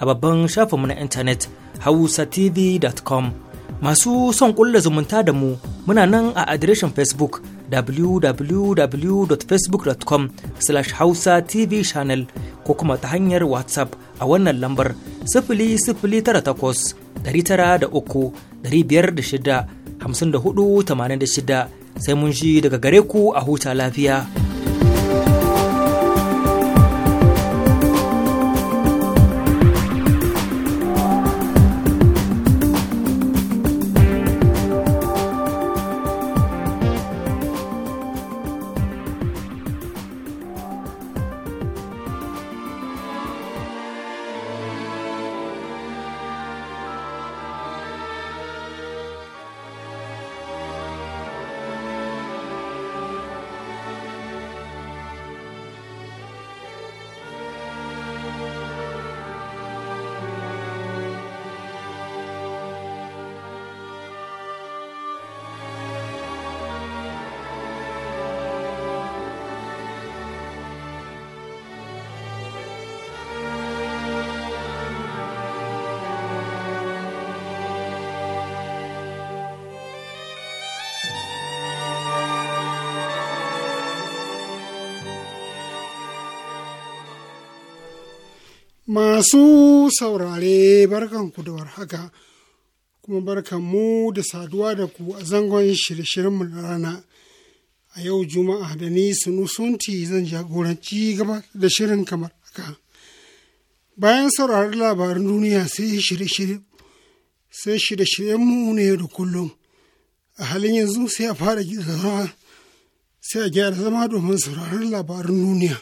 a babban shafinmu na intanet hausatv.com masu son kulla zumunta da mu muna nan a adireshin facebook www.facebook.com slash hausa tv channel ko kuma ta hanyar whatsapp a wannan lambar sifili sifili da tara uku biyar da shida hamsin sai mun ji daga gare ku a huta lafiya. Masu saurare barkanku da warhaka, kuma mu da saduwa da ku a zangon shirye-shiryenmu na rana. A yau Juma'a da ni sunusunti zan jagoranci gaba da shirin kamar haka. Bayan sauraron labarin duniya sai shirye-shiryenmu ne da kullum. A halin yanzu sai a fara sai a gyara zama domin sauraron labarin duniya.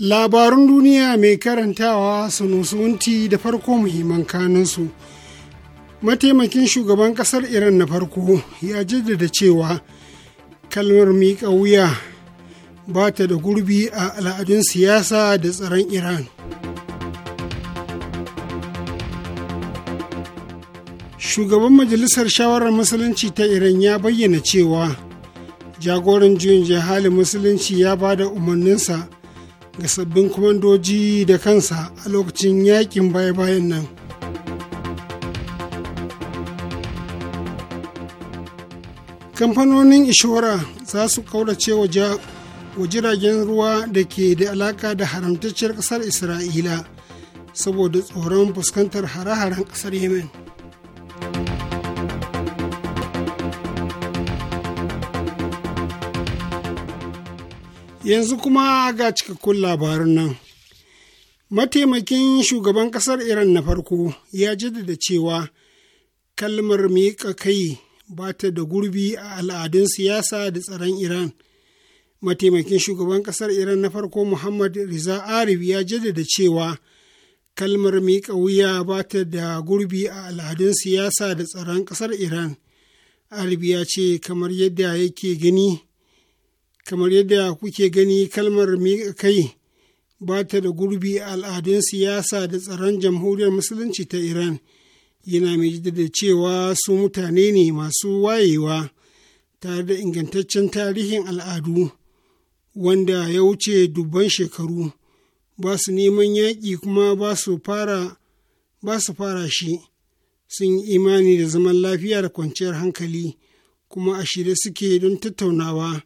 Labarun duniya mai karantawa sunusunti da farko muhimman kanansu Mataimakin shugaban ƙasar Iran na farko ya jaddada cewa kalmar miƙa wuya ba ta da gurbi a al'adun siyasa da tsaron Iran. Shugaban Majalisar Shawarar Musulunci ta Iran ya bayyana cewa jagoran juyin jihalin musulunci ya ba da umarninsa ga sabbin kwamandoji da kansa a lokacin yakin baya-bayan nan kamfanonin ishora za su kaurace wa jiragen ruwa da ke da alaka da haramtacciyar ƙasar isra'ila saboda tsoron fuskantar hare-haren ƙasar yemen yanzu kuma ga cikakkun labarin nan mataimakin shugaban ƙasar iran na farko ya jaddada cewa kalmar miƙa kai ba ta da gurbi a al'adun siyasa da tsaron iran mataimakin shugaban ƙasar iran na farko muhammad riza arif ya jaddada cewa kalmar miƙa wuya ba ta da gurbi a al'adun siyasa da tsaron ƙasar iran arif ya ce kamar yadda yake gani kamar yadda kuke gani kalmar miƙa kai ba ta da gurbi a al'adun siyasa da tsaron jamhuriyar musulunci ta iran yana mai jaddada cewa su mutane ne masu wayewa tare da ingantaccen tarihin al'adu wanda ya wuce dubban shekaru ba su neman yaƙi kuma ba fara ba su fara shi sun yi imani da zaman lafiya da kwanciyar hankali kuma a shirye suke don tattaunawa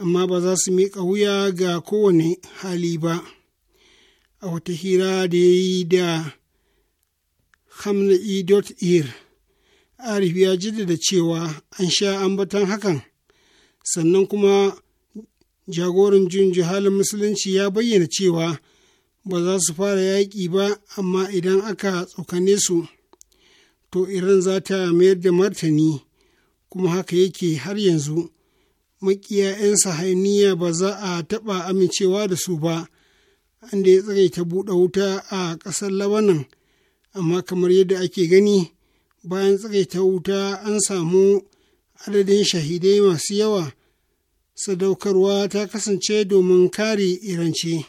amma ba za su miƙa wuya ga kowane hali ba a wata hira da ya yi da hamna'i.ir arif ya jaddada cewa an sha ambatan hakan sannan kuma jagoran junji halin musulunci ya bayyana cewa ba za su fara yaƙi ba amma idan aka tsokane su to iran za ta mayar da martani kuma haka yake har yanzu makiya 'yan sahaniya ba za a taɓa amincewa da su ba an da ya tsare ta buɗe wuta a ƙasar labanan amma kamar yadda ake gani bayan tsare ta wuta an samu adadin shahidai masu yawa sadaukarwa ta kasance domin kare iranci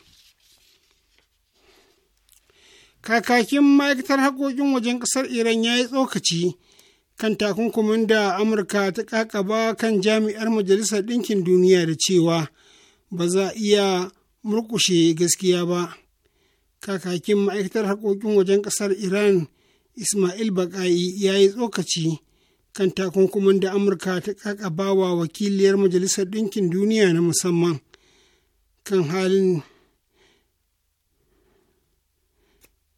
kakakin ma'aikatar haƙoƙin wajen ƙasar iran ya yi tsokaci kan takunkumin da amurka ta kakaba kan jami'ar majalisar ɗinkin duniya da cewa ba za iya murkushe gaskiya ba kakakin ma'aikatar haƙoƙin wajen ƙasar iran ismail baƙa'i ya yi tsokaci kan takunkumin da amurka ta kakaba wa wakiliyar majalisar ɗinkin duniya na musamman kan halin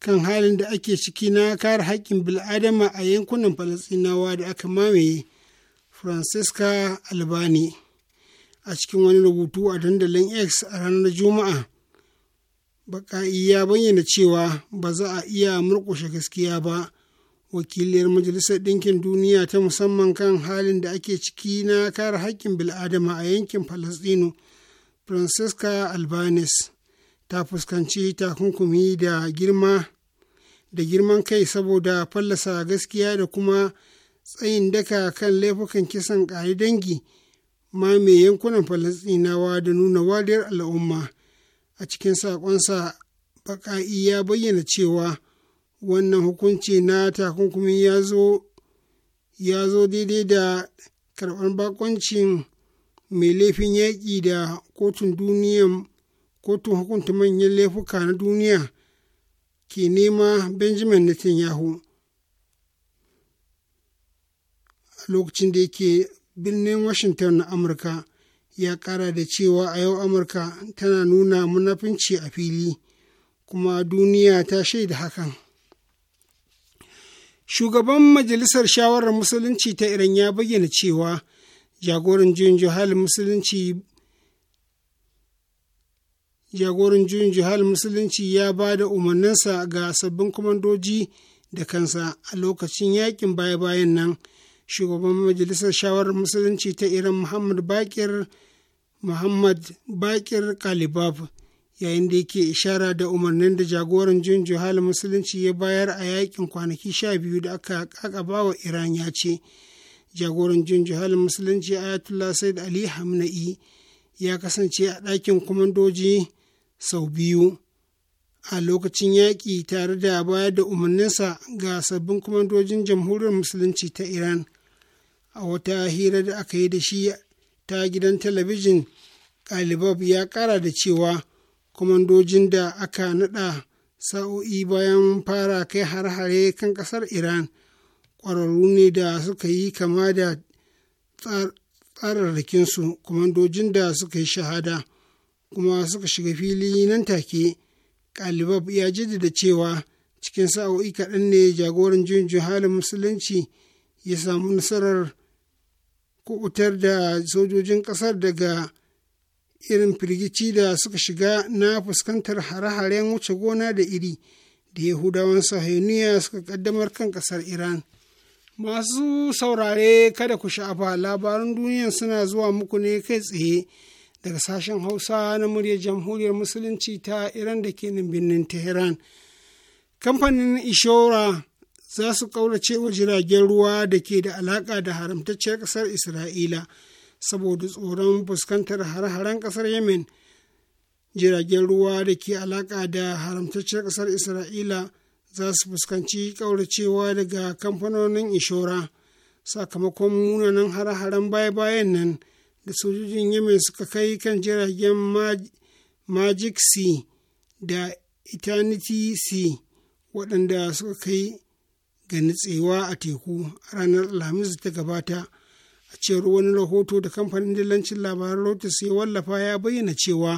kan halin da ake ciki na kare haƙƙin bil'adama a yankunan falasinawa da aka mamaye francesca albani a cikin wani rubutu a dandalin x a ranar juma'a baƙa'i ya bayyana cewa ba za a iya murƙushe gaskiya ba wakiliyar majalisar ɗinkin duniya ta musamman kan halin da ake ciki na kare haƙƙin bil'adama a yankin falasɗinu francesca albanese ta fuskanci takunkumi da girma da girman kai saboda fallasa gaskiya da kuma tsayin daka kan laifukan kisan ƙari dangi ma mai yankunan falasɗinawa da nuna wariyar al'umma a cikin saƙonsa baƙa'i ya bayyana cewa wannan hukunci na takunkumi ya zo ya zo daidai da karɓar bakoncin mai laifin yaƙi da kotun duniyan kotun hukunta manyan laifuka na duniya ke nema benjamin netanyahu a lokacin da yake birnin washington na amurka ya kara da cewa a yau amurka tana nuna munafinci a fili kuma duniya ta shaida hakan shugaban majalisar shawarar musulunci ta iran ya bayyana cewa jagoran juyin juhalin musulunci jagoran juyin jihar musulunci ya ba da umarninsa ga sabbin kwamandoji da kansa a lokacin yakin baya-bayan nan shugaban majalisar shawarar musulunci ta iran muhammad bakir muhammad bakir kalibab yayin da yake ishara da umarnin da jagoran juyin jihar musulunci ya bayar a yakin kwanaki sha biyu da aka kakaba wa iran ya ce jagoran juyin jihar musulunci ayatollah said ali hamna'i ya kasance a ɗakin kwamandoji sau biyu a lokacin yaƙi tare da bayar da umarninsa ga sabbin kwamandojin jamhuriyar musulunci ta iran a wata hira da aka yi da shi ta gidan talabijin kalibab ya ƙara da cewa kwamandojin da aka naɗa sa'o'i bayan fara kai har-hare kan ƙasar iran ƙwararru ne da suka yi kama da tsararrakinsu kwamandojin da suka yi shahada kuma suka shiga fili nan take kalibab ya jaddada cewa cikin sa'o'i kaɗan ne jagoran juyin halin musulunci ya samu nasarar kubutar da sojojin ƙasar daga irin firgici da suka shiga na fuskantar hare-haren wuce gona da iri da yahudawan sahiniya suka kaddamar kan ƙasar iran masu saurare kada ku sha'afa labaran duniya suna zuwa muku ne kai tsaye daga sashen hausa na muryar jamhuriyar musulunci ta iran da ke nan birnin tehran kamfanin ishora za su kaurace wa jiragen ruwa da ke da alaƙa da haramtacciyar ƙasar isra'ila saboda tsoron fuskantar har-haren ƙasar yemen jiragen ruwa da ke alaƙa da haramtacciyar ƙasar isra'ila za su fuskanci ƙauracewa daga kamfanonin ishora sakamakon munanan har-haren baya-bayan nan da sojojin yemen suka kai kan jiragen magic sea da eternity sea waɗanda suka kai ga nutsewa a teku a ranar alhamis ta gabata a cewar wani rahoto da kamfanin dillancin labaran Reuters ya wallafa ya bayyana cewa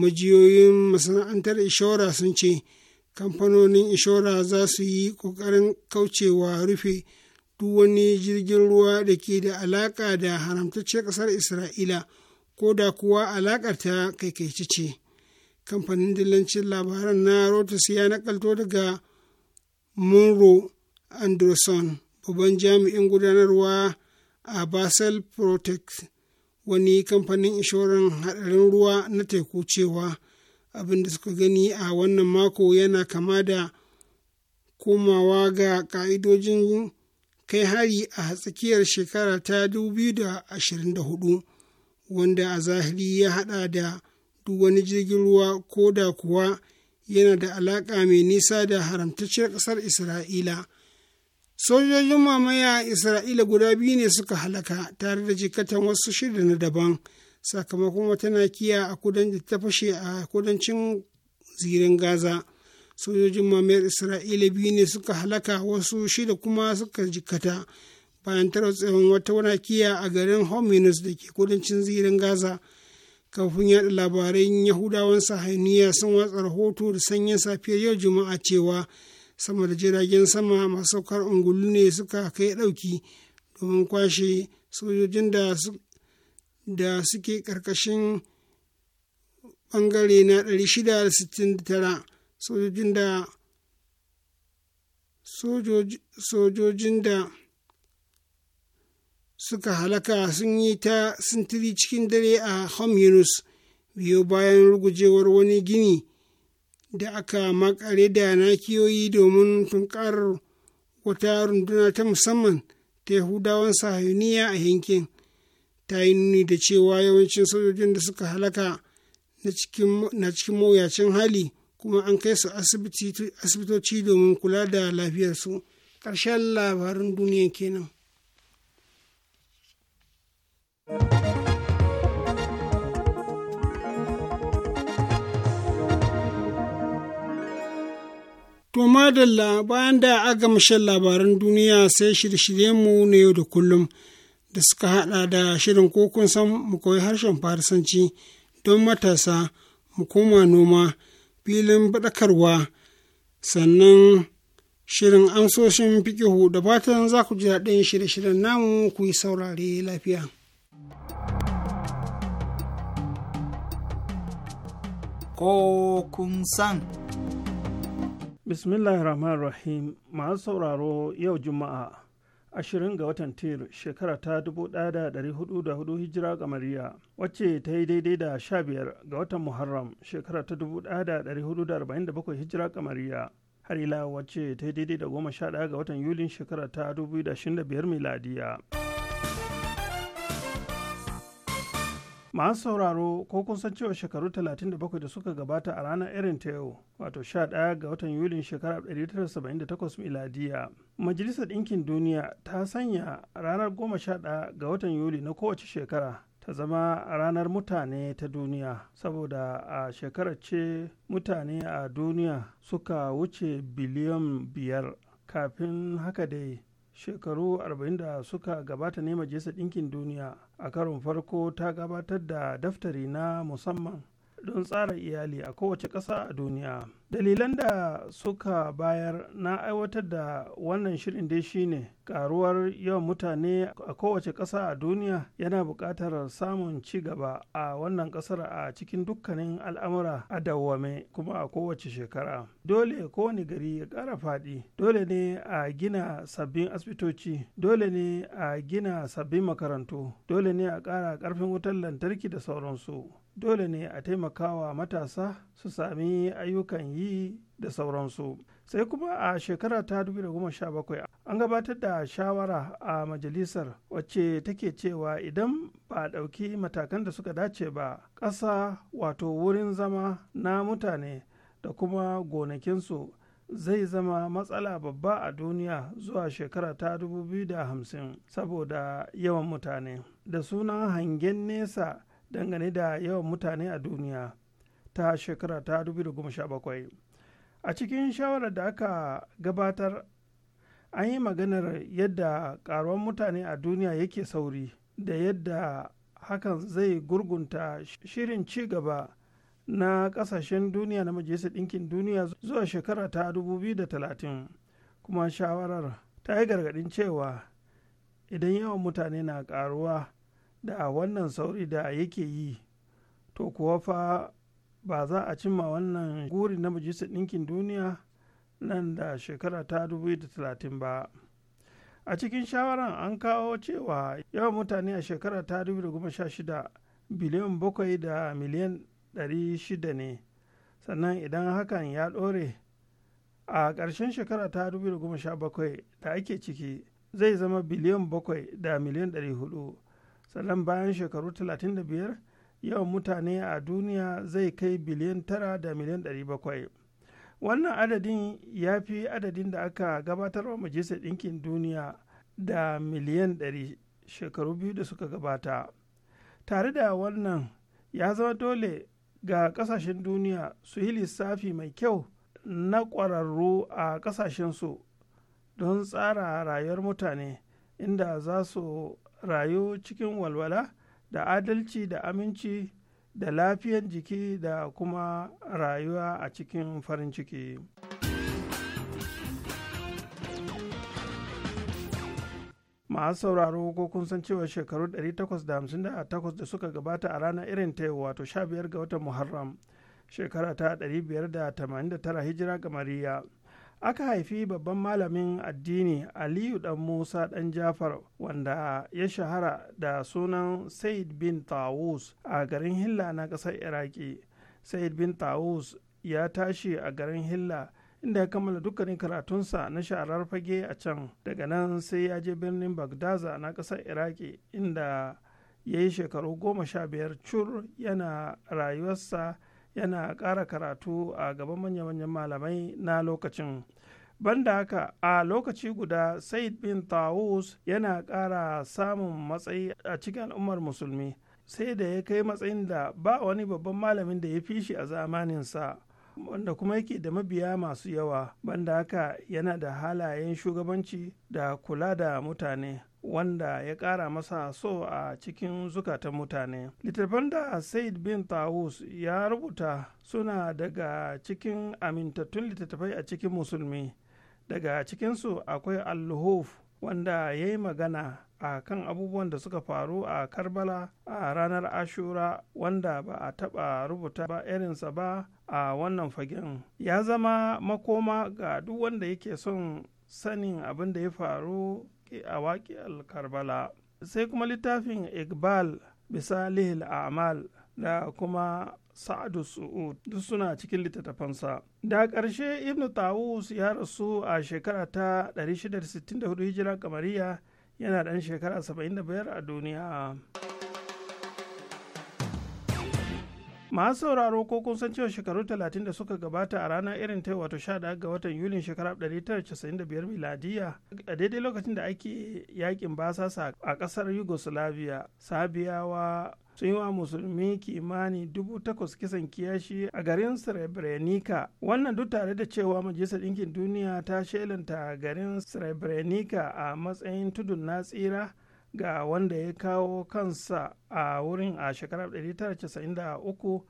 majiyoyin masana'antar ishora sun ce kamfanonin ishora za su yi ƙoƙarin kaucewa rufe duk wani jirgin ruwa da ke da alaƙa da haramtacce ƙasar isra'ila ko da kuwa alaƙar ta kaikaici ce kamfanin dillancin labaran na rotus ya nakalto daga munro anderson babban jami'in gudanarwa a basel protect wani kamfanin inshoran haɗarin ruwa na teku cewa abin da suka gani a wannan mako yana kama da komawa ga ƙa'idojin kai hari a tsakiyar shekara ta 2024 wanda a zahiri ya hada da duk wani jirgin ruwa ko da kuwa yana da alaƙa mai nisa da haramtacciyar ƙasar isra'ila sojojin mamaya isra'ila guda biyu ne suka halaka tare da jikatan wasu shida na daban sakamakon wata nakiya a fashe a kudancin zirin gaza sojojin mamayar isra'ila biyu ne suka halaka wasu shida kuma suka jikata bayan tara tsawon wata wanakiya a garin hominus da ke kudancin zirin gaza kafin yada labaran yahudawan sahaniya sun watsa rahoto da sanyin safiyar yau juma'a cewa sama da jiragen sama masu saukar ungulu ne suka kai ɗauki domin kwashe sojojin da suke ƙarƙashin bangare na 669 sojojin da sojojin da suka halaka sun yi ta sintiri cikin dare a Hom biyo bayan rugujewar wani gini da aka makare da nakiyoyi domin tunkarar wata runduna ta musamman ta Yahudawan sahuniya a yankin ta yi nuni da cewa yawancin sojojin da suka halaka na cikin mawuyacin hali. kuma an kai su asibitoci domin kula da lafiyarsu ƙarshen labarin duniya kenan. To madalla bayan da aka mashan labaran duniya sai shirye mu na yau da kullum da suka haɗa da shirin kokun san mu koyi harshen farisanci don matasa mu koma noma. filin baɗakarwa sannan shirin amsoshin fikihu da fatan za ku ji daɗin shirye-shiryen namu ku yi saurare lafiya. Ko kun san. Bismillahirrahmanirrahim masu sauraro yau Juma'a. ashirin ga watan tir shekara ta hudu hijira kamariya wacce ta yi daidai da 15 ga watan muharram shekara ta 1447 hijira kamariya har ila wacce ta yi daidai da 11 ga watan yulin shekara ta 2025 miladiya. masu sauraro ko kun san cewa shekaru 37 da suka gabata a ranar irin ta yau wato 11 ga watan yulin shekarar 1978 miladiya majalisar ɗinkin duniya ta sanya ranar 11 ga watan yuli na kowace shekara ta zama ranar mutane ta duniya saboda a shekarar ce mutane a duniya suka wuce biliyan biyar kafin haka dai shekaru 40 da suka gabata ne majalisar ɗinkin duniya a karon farko ta gabatar da daftari na musamman don tsara iyali a kowace ƙasa a duniya dalilan da suka bayar na aiwatar da wannan shirin dai shine karuwar yawan mutane a kowace ƙasa a duniya yana buƙatar samun ci gaba a wannan ƙasar a cikin dukkanin al'amura a dawwame kuma a kowace shekara dole kowane gari ya ƙara faɗi dole ne a gina sabbin asibitoci dole ne a gina sabbin makarantu dole ne a ƙara ƙarfin wutar lantarki da sauransu dole ne a taimakawa matasa su sami ayyukan yi da sauransu sai kuma a shekara ta 2017 an gabatar da shawara a majalisar wacce take cewa idan ba a ɗauki matakan da suka dace ba ƙasa wato wurin zama na mutane da kuma gonakinsu zai zama matsala babba a duniya zuwa shekara ta 2050 saboda yawan mutane da sunan hangen nesa dangane da yawan mutane a duniya ta shekara ta 2017 a cikin shawarar da aka gabatar an yi maganar yadda karuwan mutane a duniya yake sauri da yadda hakan zai gurgunta shirin ci gaba na kasashen duniya na majalisar ɗinkin duniya zuwa shekara ta 2030 kuma shawarar ta yi gargaɗin cewa idan yawan mutane na karuwa da wannan sauri da yake yi to kuwa fa ba za a cimma wannan guri na majalisar ɗinkin duniya nan da shekara ta 2030 ba a cikin shawarar an kawo cewa yawan mutane a shekara ta 2016 biliyan 7 da miliyan 600 ne sannan idan hakan ya ɗore a ƙarshen shekara ta 2017 da ake ciki zai zama biliyan 7 da miliyan 400 sannan bayan shekaru 35 yawan mutane a duniya zai kai biliyan 9 da miliyan 700 wannan adadin ya fi adadin da aka gabatar wa majalisar ɗinkin duniya da miliyan 100 shekaru biyu da suka gabata tare da wannan ya zama dole ga kasashen duniya su yi lissafi mai kyau na ƙwararru a su don tsara rayuwar mutane inda za su rayu cikin walwala da adalci da aminci da lafiyan jiki da kuma rayuwa a cikin farin ciki. masu sauraro ko kun san cewa shekaru 858 da suka gabata a ranar irin ta wato 15 ga watan muharram shekara ta 589 hijira ga mariya aka haifi babban malamin addini aliyu dan musa dan jafar wanda ya shahara da sunan said bin tawus a garin hilla na ƙasar iraki said bin tawus ya tashi a garin hilla inda ya kammala dukkanin karatunsa na sharar fage a can daga nan sai ya je birnin bagdaza na ƙasar iraki inda ya yi shekaru goma sha biyar cur yana rayuwarsa yana ƙara karatu a gaban manya-manyan malamai na lokacin banda haka a lokaci guda said bin taus yana ƙara samun matsayi a cikin al'ummar musulmi sai da ya kai matsayin da ba wani babban malamin da ya fi shi a zamaninsa wanda kuma yake da mabiya masu yawa banda haka yana da halayen shugabanci da kula da mutane wanda ya ƙara masa so a cikin zukatan mutane. Littattafan da Said bin Tawus ya rubuta suna daga cikin amintattun littattafai a cikin musulmi. Daga cikinsu akwai Alluhuf wanda ya yi magana a kan abubuwan da suka faru a Karbala a ranar Ashura wanda ba a taɓa rubuta ba irinsa ba a wannan fagen. Ya zama makoma ga duk wanda yake son sanin abin da ya faru a waƙiyar karbala sai kuma littafin iqbal bisalihil amal da kuma sa'adu su'ud duk suna cikin littattafansa da ƙarshe ibn tawus ya rasu a shekara ta 664 hijira kamariya yana ɗan shekara 75 a duniya masu sauraro ko kun san cewa shekaru 30 da suka gabata a ranar irin ta wato 11 ga watan yulin shekarar 1995 miladiya a daidai lokacin da ake yakin basasa a kasar yugoslavia sabiyawa sun yi wa musulmi kimani dubu takwas kisan kiyashi a garin srebrenica wannan duk tare da cewa majalisar ɗinkin duniya ta shelanta garin srebrenica a matsayin tudun na tsira ga wanda ya kawo kansa a wurin a shekarar 1993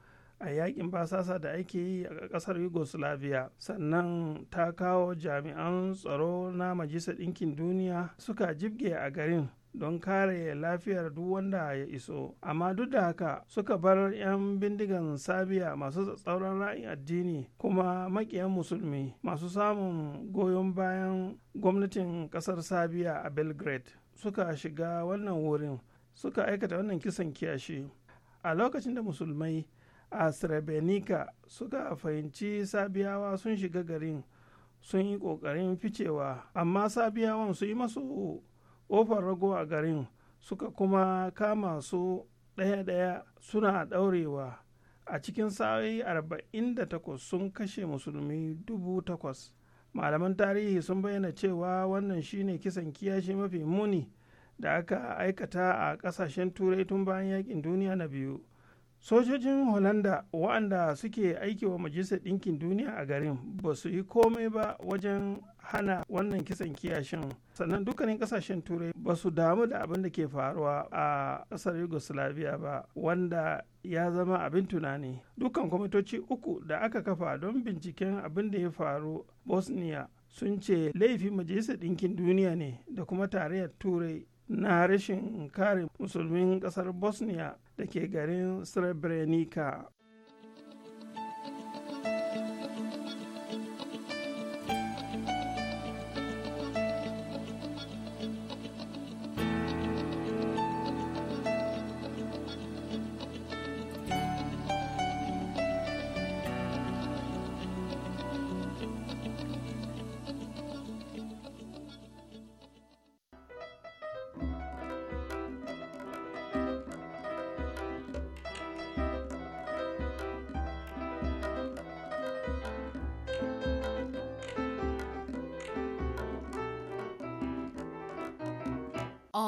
a yakin basasa da ake yi a kasar yugoslavia sannan ta kawo jami'an tsaro na majalisar ɗinkin duniya suka jibge a garin don kare lafiyar duk wanda ya iso amma duk da haka suka bar 'yan bindigan sabiya masu tsauran ra'ayin addini kuma makiyan musulmi masu samun goyon bayan gwamnatin kasar sabiya a belgrade suka shiga wannan wurin suka aikata wannan kisan kiyashi a lokacin da musulmai a srebrenica suka fahimci sabiyawa sun shiga garin sun yi ƙoƙarin ficewa amma sabiyawan su yi masu ƙofar rago a garin suka kuma kama su ɗaya-ɗaya suna ɗaurewa a cikin sa'o'i 48 sun kashe musulmi dubu takwas malaman tarihi sun bayyana cewa wannan shine kisan kiyashi mafi muni da aka aikata a kasashen turai tun bayan yakin duniya na biyu sojojin holanda waɗanda suke aiki wa majalisar ɗinkin duniya a garin ba su yi komai ba wajen hana wannan kisan kiyashin sannan dukkanin kasashen turai ba su damu da abin da ke faruwa a ƙasar yugoslavia ba wanda ya zama abin tunani dukkan kwamitoci uku da aka kafa don binciken abin da ya faru bosnia sun ce laifin majalisar ɗinkin duniya ne da kuma tarayyar turai na rashin kare musulmin ƙasar bosnia da ke garin srebrenica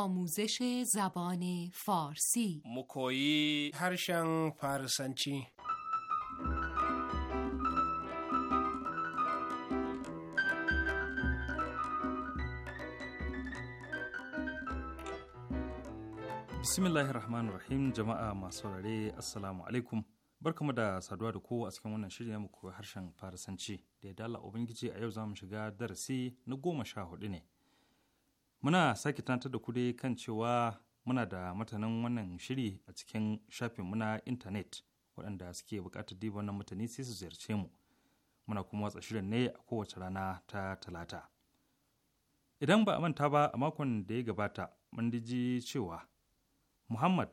آموزش زبان فارسی مکوی هرشن فارسنچی الله الرحمن rahim jama'a masu saurare assalamu alaikum barkamu da saduwa da kowa a cikin wannan shirin mu koyi harshen farisanci da ya dala ubangiji a yau za mu shiga darasi na goma sha hudu ne muna sake tantar da kudi kan cewa muna da matanin wannan shiri a cikin shafin muna intanet waɗanda suke buƙatar diba wannan mutane sai su ziyarce mu muna kuma watsa shirin ne a kowace rana ta talata idan ba a manta ba a makon da ya gabata mun ji cewa muhammad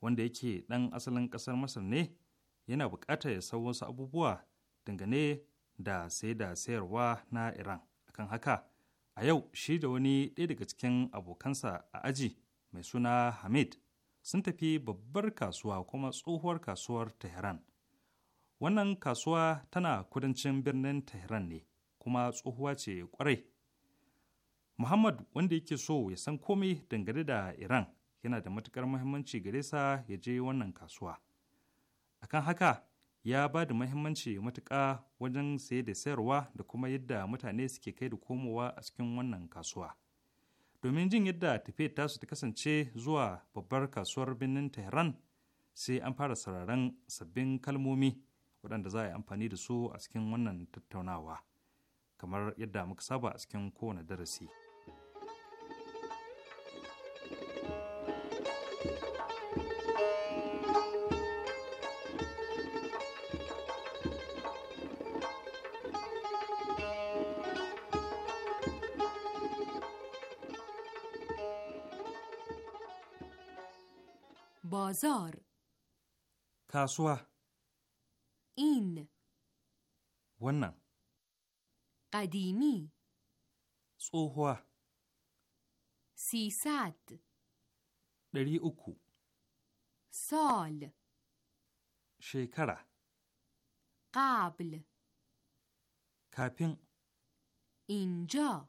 wanda yake ɗan asalin ƙasar masar ne yana buƙatar ya san wasu abubuwa dangane da sai da sayarwa na iran akan haka A yau shi da wani ɗaya daga cikin abokansa a aji mai suna Hamid sun tafi babbar kasuwa kuma tsohuwar kasuwar Tehran. Wannan kasuwa tana kudancin birnin Tehran ne kuma tsohuwa ce kwarai. Muhammad wanda yake so ya san komai dangane da Iran yana da matukar muhimmanci gare sa ya je wannan kasuwa. Akan haka ya ba da mahimmanci matuƙa wajen saye da sayarwa da kuma yadda mutane suke kai da komowa a cikin wannan kasuwa. Domin jin yadda ta su ta kasance zuwa babbar kasuwar birnin Tehran sai an fara sararin sabbin kalmomi waɗanda za a yi amfani da su a cikin wannan tattaunawa, kamar yadda muka saba a cikin kowane darasi. بازار In. Wannan. ونن قدیمی Sisat. sisad ɗari uku sol shekara qabl kafin inja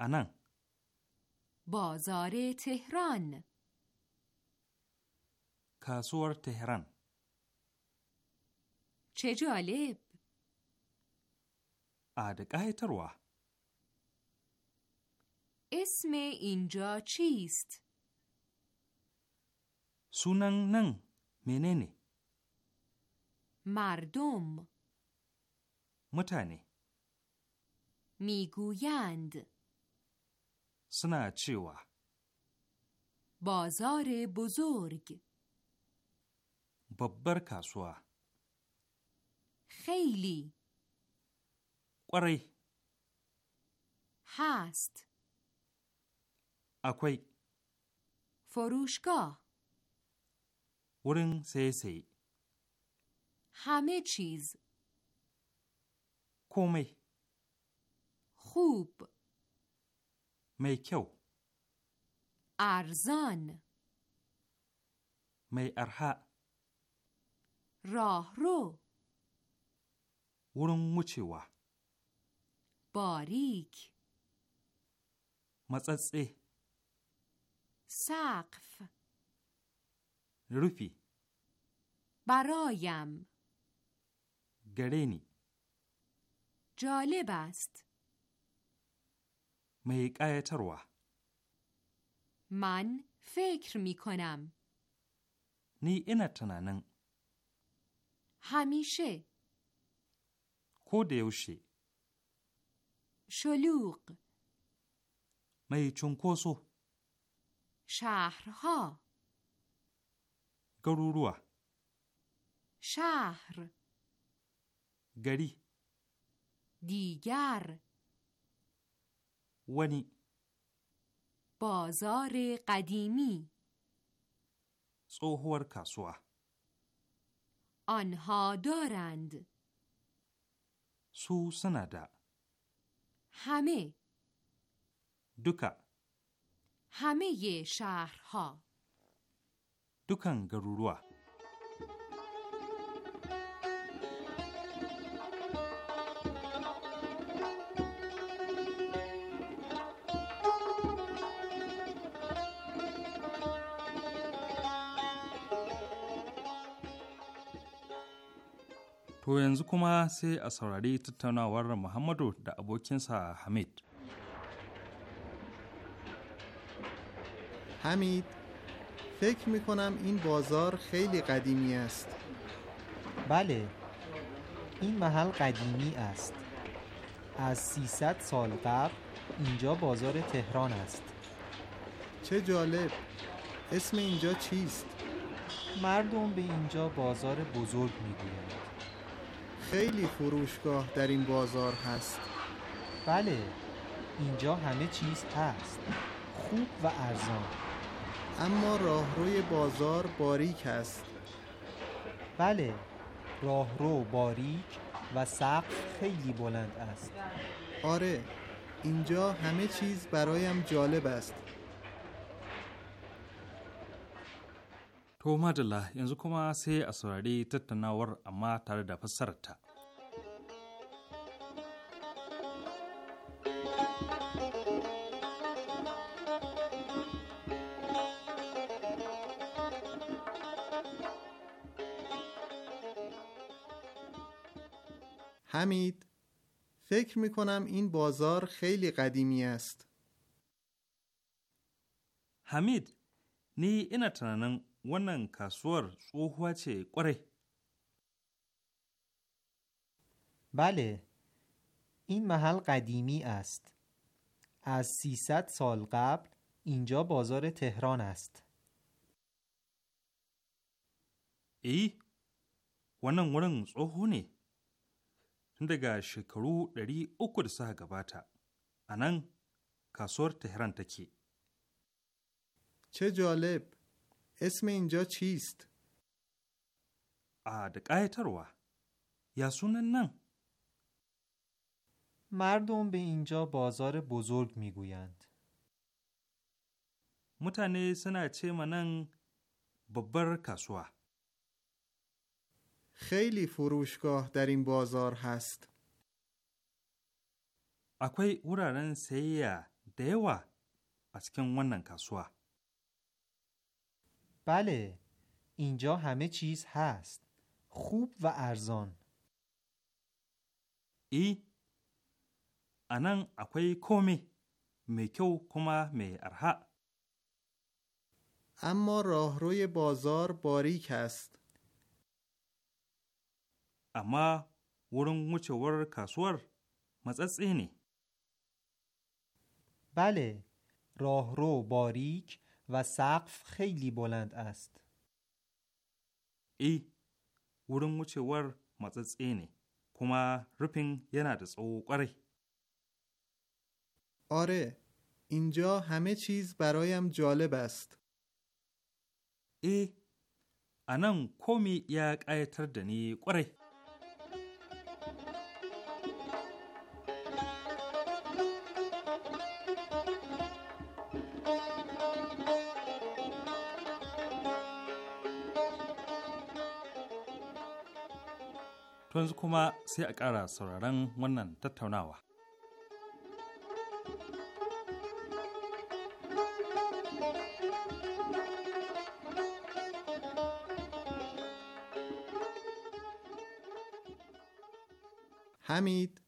anan بازار تهران kasuwar Tehran. Ceju Alib. A da ƙayatarwa. Isme inja cheese. Sunan nan menene? Mardum. Mutane. Miguyand. Suna cewa. Bazar Buzurg. babbar kasuwa. Khaili. Ƙwarai. Hast. Akwai. Furushka. Wurin sai-sai. Hamechis. Komai. Khub. Mai kyau. Arzan. Mai arha. راه رو wurin و باریک matsatse سقف روپی برایم گرینی جالب است می رو من فکر می کنم نی اینا تنانن همیشه کودیوشی شلوغ می کوسو شهرها گرورو شهر گری دیگر ونی بازار قدیمی tsohuwar kasuwa. آنها دارند سو سندا همه دکا همه شهرها دکان گروروا To yanzu kuma sai a saurari tattaunawar Muhammadu da abokinsa فکر میکنم این بازار خیلی قدیمی است. بله، این محل قدیمی است. از 300 سال قبل اینجا بازار تهران است. چه جالب. اسم اینجا چیست؟ مردم به اینجا بازار بزرگ میگویند. خیلی فروشگاه در این بازار هست بله اینجا همه چیز هست خوب و ارزان اما راهروی بازار باریک است بله راهرو باریک و سقف خیلی بلند است آره اینجا همه چیز برایم جالب است To Madalla yanzu kuma sai a saurari tattaunawar amma tare da fassararta. حمید فکر می کنم این بازار خیلی قدیمی است. حمید نی اینا تنانن wannan kasuwar tsohuwa ce kwarai. Bale, این محل قدیمی است از 300 سال قبل اینجا بازار تهران است ای wannan wurin tsoho ne tun daga shekaru 300 da suka gabata a nan kasuwar tehran take چه جالب اسم اینجا چیست؟ آد قایتروا یا سونن نن مردم به اینجا بازار بزرگ میگویند. متنه سنا چه منن ببر کسوا خیلی فروشگاه در این بازار هست. اکوی اورارن سیا دیوا از کن ونن کسوا بله اینجا همه چیز هست خوب و ارزان ای انان اکوی کومی میکو کما می ارها اما راهروی بازار باریک است. اما ورن وچور کسور متسسه بله، راهرو باریک و سقف خیلی بلند است. ای ورن وچه ور اینه کما رپنگ یه او قره. آره اینجا همه چیز برایم جالب است. ای انام کومی یک ایتردنی قره. yanzu kuma sai a ƙara sauraron wannan tattaunawa. حمید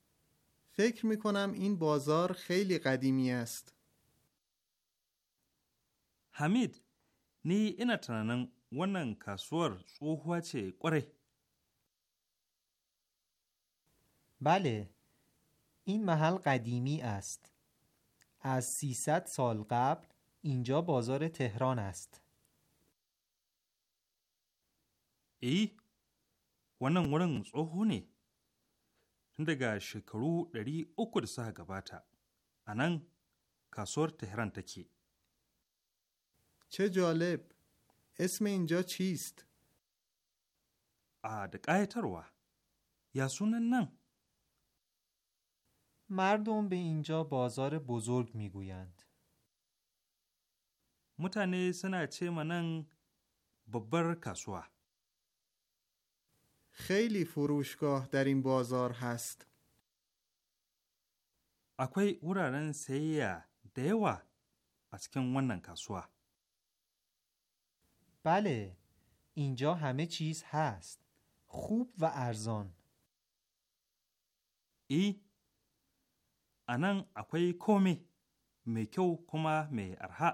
فکر می کنم این بازار خیلی قدیمی است. حمید نی اینا تنانن ونن tsohuwa ce kwarai. بله این محل قدیمی است از 300 سال قبل اینجا بازار تهران است ای wannan wurin tsoho ne tun daga shekaru 300 da suka gabata a nan kasuwar tehran take ce جالب اسم inja چیست؟ a da ƙayatarwa ya sunan nan مردم به اینجا بازار بزرگ میگویند. متنه سنا چه منن ببر کسوا خیلی فروشگاه در این بازار هست. اکوی اورارن سیا دیوا از کن ونن کسوا بله اینجا همه چیز هست. خوب و ارزان. ای A nan akwai kome mai kyau kuma mai arha.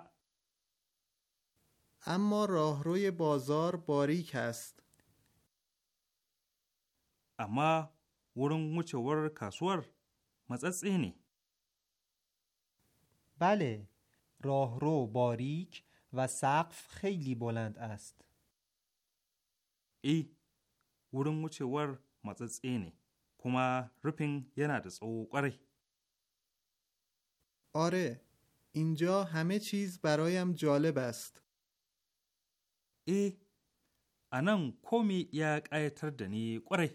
اما راهروی بازار باریک است. اما ورن وچور کاسور متسatsi ne. بله، راهرو باریک و سقف خیلی بلند است. ای، ورن وچور متسatsi ne, kuma rufin yana da tsawo آره اینجا همه چیز برایم جالب است ای komi ya ƙayatar da ni قره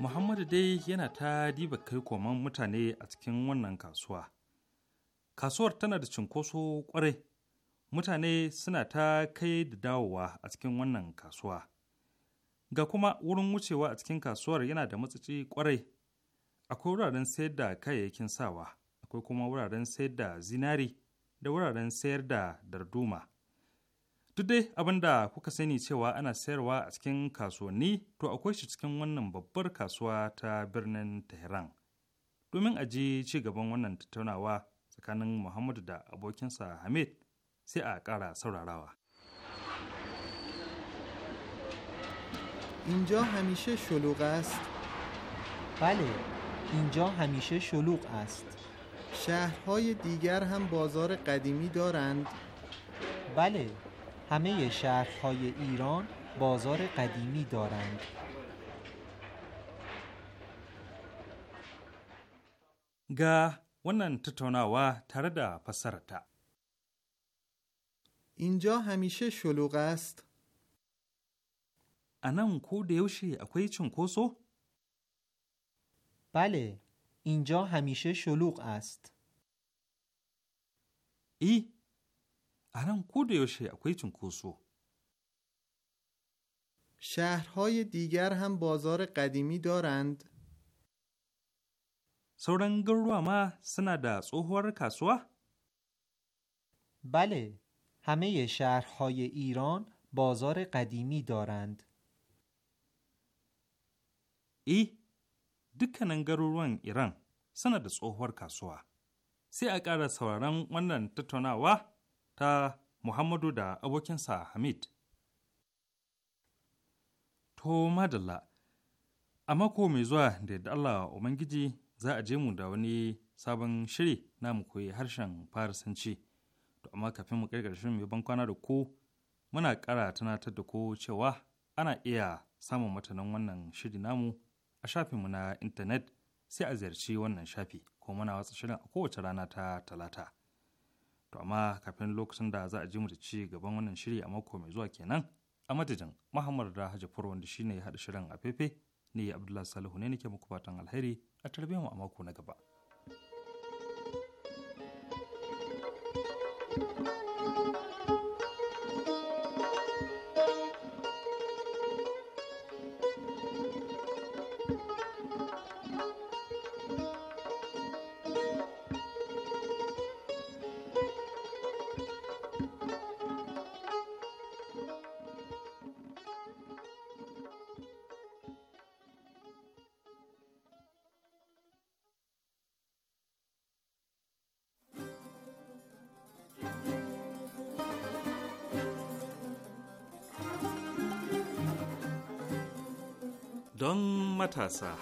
Muhammadu dai yana ta diba kai koman mutane a cikin wannan kasuwa. Kasuwar tana da cinkoso kwarai, mutane suna ta kai da dawowa a cikin wannan kasuwa ga kuma wurin wucewa a cikin kasuwar yana da matsaci kwarai akwai wuraren sayar da kayayyakin sawa akwai kuma wuraren sayar da zinari da wuraren sayar da darduma duk dai abin da kuka sani cewa ana sayarwa a cikin kasuwanni to akwai shi cikin wannan babbar kasuwa ta birnin tehran domin a ji ci gaban wannan tattaunawa tsakanin muhammadu da abokinsa hamid sai a ƙara saurarawa. اینجا همیشه شلوغ است. بله، اینجا همیشه شلوغ است. شهرهای دیگر هم بازار قدیمی دارند. بله، همه شهرهای ایران بازار قدیمی دارند. گه ونن تتوناوا تردا پسرتا اینجا همیشه شلوغ است. اون کو دیوشی اکوی کوسو؟ بله، اینجا همیشه شلوغ است. ای، اون کو دیوشی اکوی کوسو؟ شهرهای دیگر هم بازار قدیمی دارند. سورنگروا ما سنا دا سوهور کاسوا؟ بله، همهی شهرهای ایران بازار قدیمی دارند. E, dukkanin garuruwan Iran suna da tsohuwar kasuwa. Sai a ƙara sauraron wannan tattaunawa ta Muhammadu da abokinsa Hamid. To madalla, a mako mai zuwa da yadda Allah Ubangiji za a je mu da wani sabon shiri na mu koyi harshen Farisanci. To amma kafin mu kai ƙarshen mai ban kwana da ku muna kara tunatar da ku cewa ana iya samun matanan wannan shiri namu a shafin mu na intanet sai a ziyarci wannan shafi ko muna watsa shirin a kowace rana ta talata. To amma kafin lokacin da za a ji mu da ci gaban wannan shiri a mako mai zuwa kenan a madadin Muhammad da Hajji Furo wanda shine ya haɗa shirin a fefe ne Abdullahi Salihu ne nake muku fatan alheri a tarbiyyar mu a mako na gaba. Thank you. don matasa.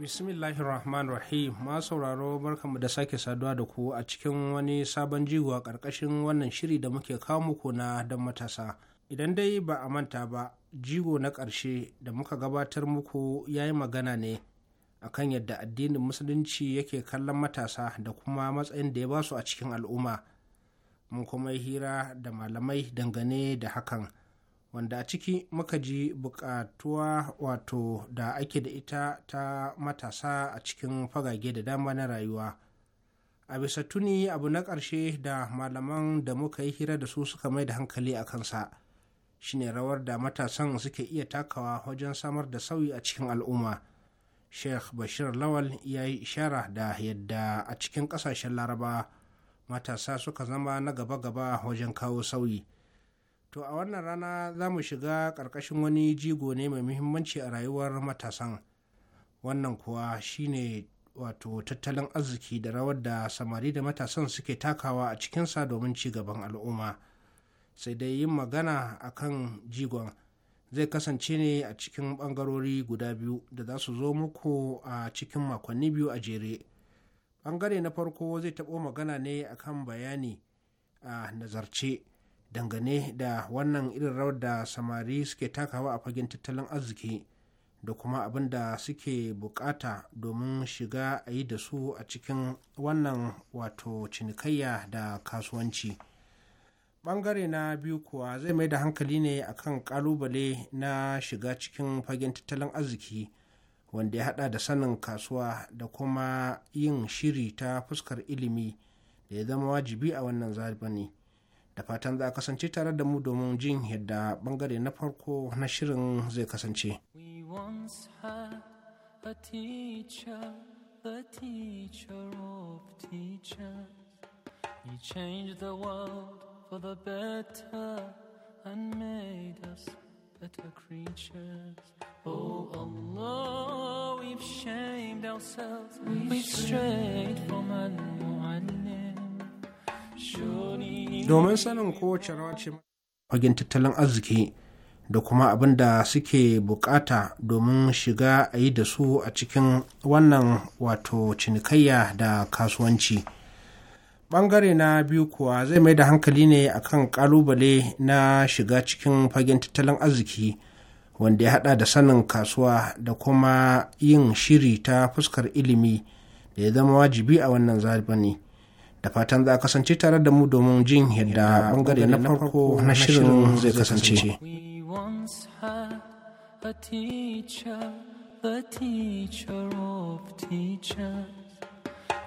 bismillahir Rahman rahim ma sauraro barkamu da sake saduwa da ku a cikin wani sabon jigo a ƙarƙashin wannan shiri da muke kawo muku na don matasa idan dai ba a manta ba jigo na ƙarshe da muka gabatar muku ya yi magana ne a kan yadda addinin musulunci yake kallon matasa da kuma matsayin da ya basu a cikin al'umma mun kuma yi hira da malamai dangane da hakan wanda a ciki muka ji bukatuwa wato da ake da ita ta matasa a cikin fagage da dama na rayuwa a bisa tuni abu na ƙarshe da malaman da muka yi hira da su suka mai da hankali a kansa shine rawar da matasan suke iya takawa wajen samar da sauyi a cikin al'umma sheikh bashir lawal ya yi ishara da yadda a cikin ƙasashen laraba matasa suka zama na gaba-gaba wajen kawo sauyi to a wannan rana za mu shiga ƙarƙashin wani jigo ne mai muhimmanci a rayuwar matasan wannan kuwa shine wato tattalin arziki da rawar da samari da matasan suke takawa a cikinsa domin ci gaban al'umma sai dai yin magana a kan jigon zai kasance ne a cikin ɓangarori guda biyu da za su zo muku a cikin makonni biyu a jere bangare na farko zai taɓo magana ne akan bayani a nazarce dangane da wannan irin rawar da samari suke takawa a fagen tattalin arziki da kuma abin da suke bukata domin shiga a yi da su a cikin wannan wato cinikayya da kasuwanci bangare na biyu kuwa zai mai da hankali ne akan kalubale na shiga cikin fagen tattalin arziki wanda ya hada da sanin kasuwa da kuma yin shiri ta fuskar ilimi da ya zama wajibi a wannan ne da fatan za a kasance tare da mu domin jin yadda bangare na farko na shirin zai kasance for the and made us better Oh Allah, we've shamed ourselves, strayed from an Domin sanin kowace rawa ce fagen tattalin arziki da kuma abin da suke bukata domin shiga a yi da su a cikin wannan wato cinikayya da kasuwanci. bangare na biyu kuwa zai mai da hankali ne akan kalubale na shiga cikin fagen tattalin arziki wanda ya hada da sanin kasuwa da kuma yin shiri ta fuskar ilimi da ya zama wajibi a wannan ne da fatan za a kasance tare da mu domin jin yadda bangare na farko na shirin zai kasance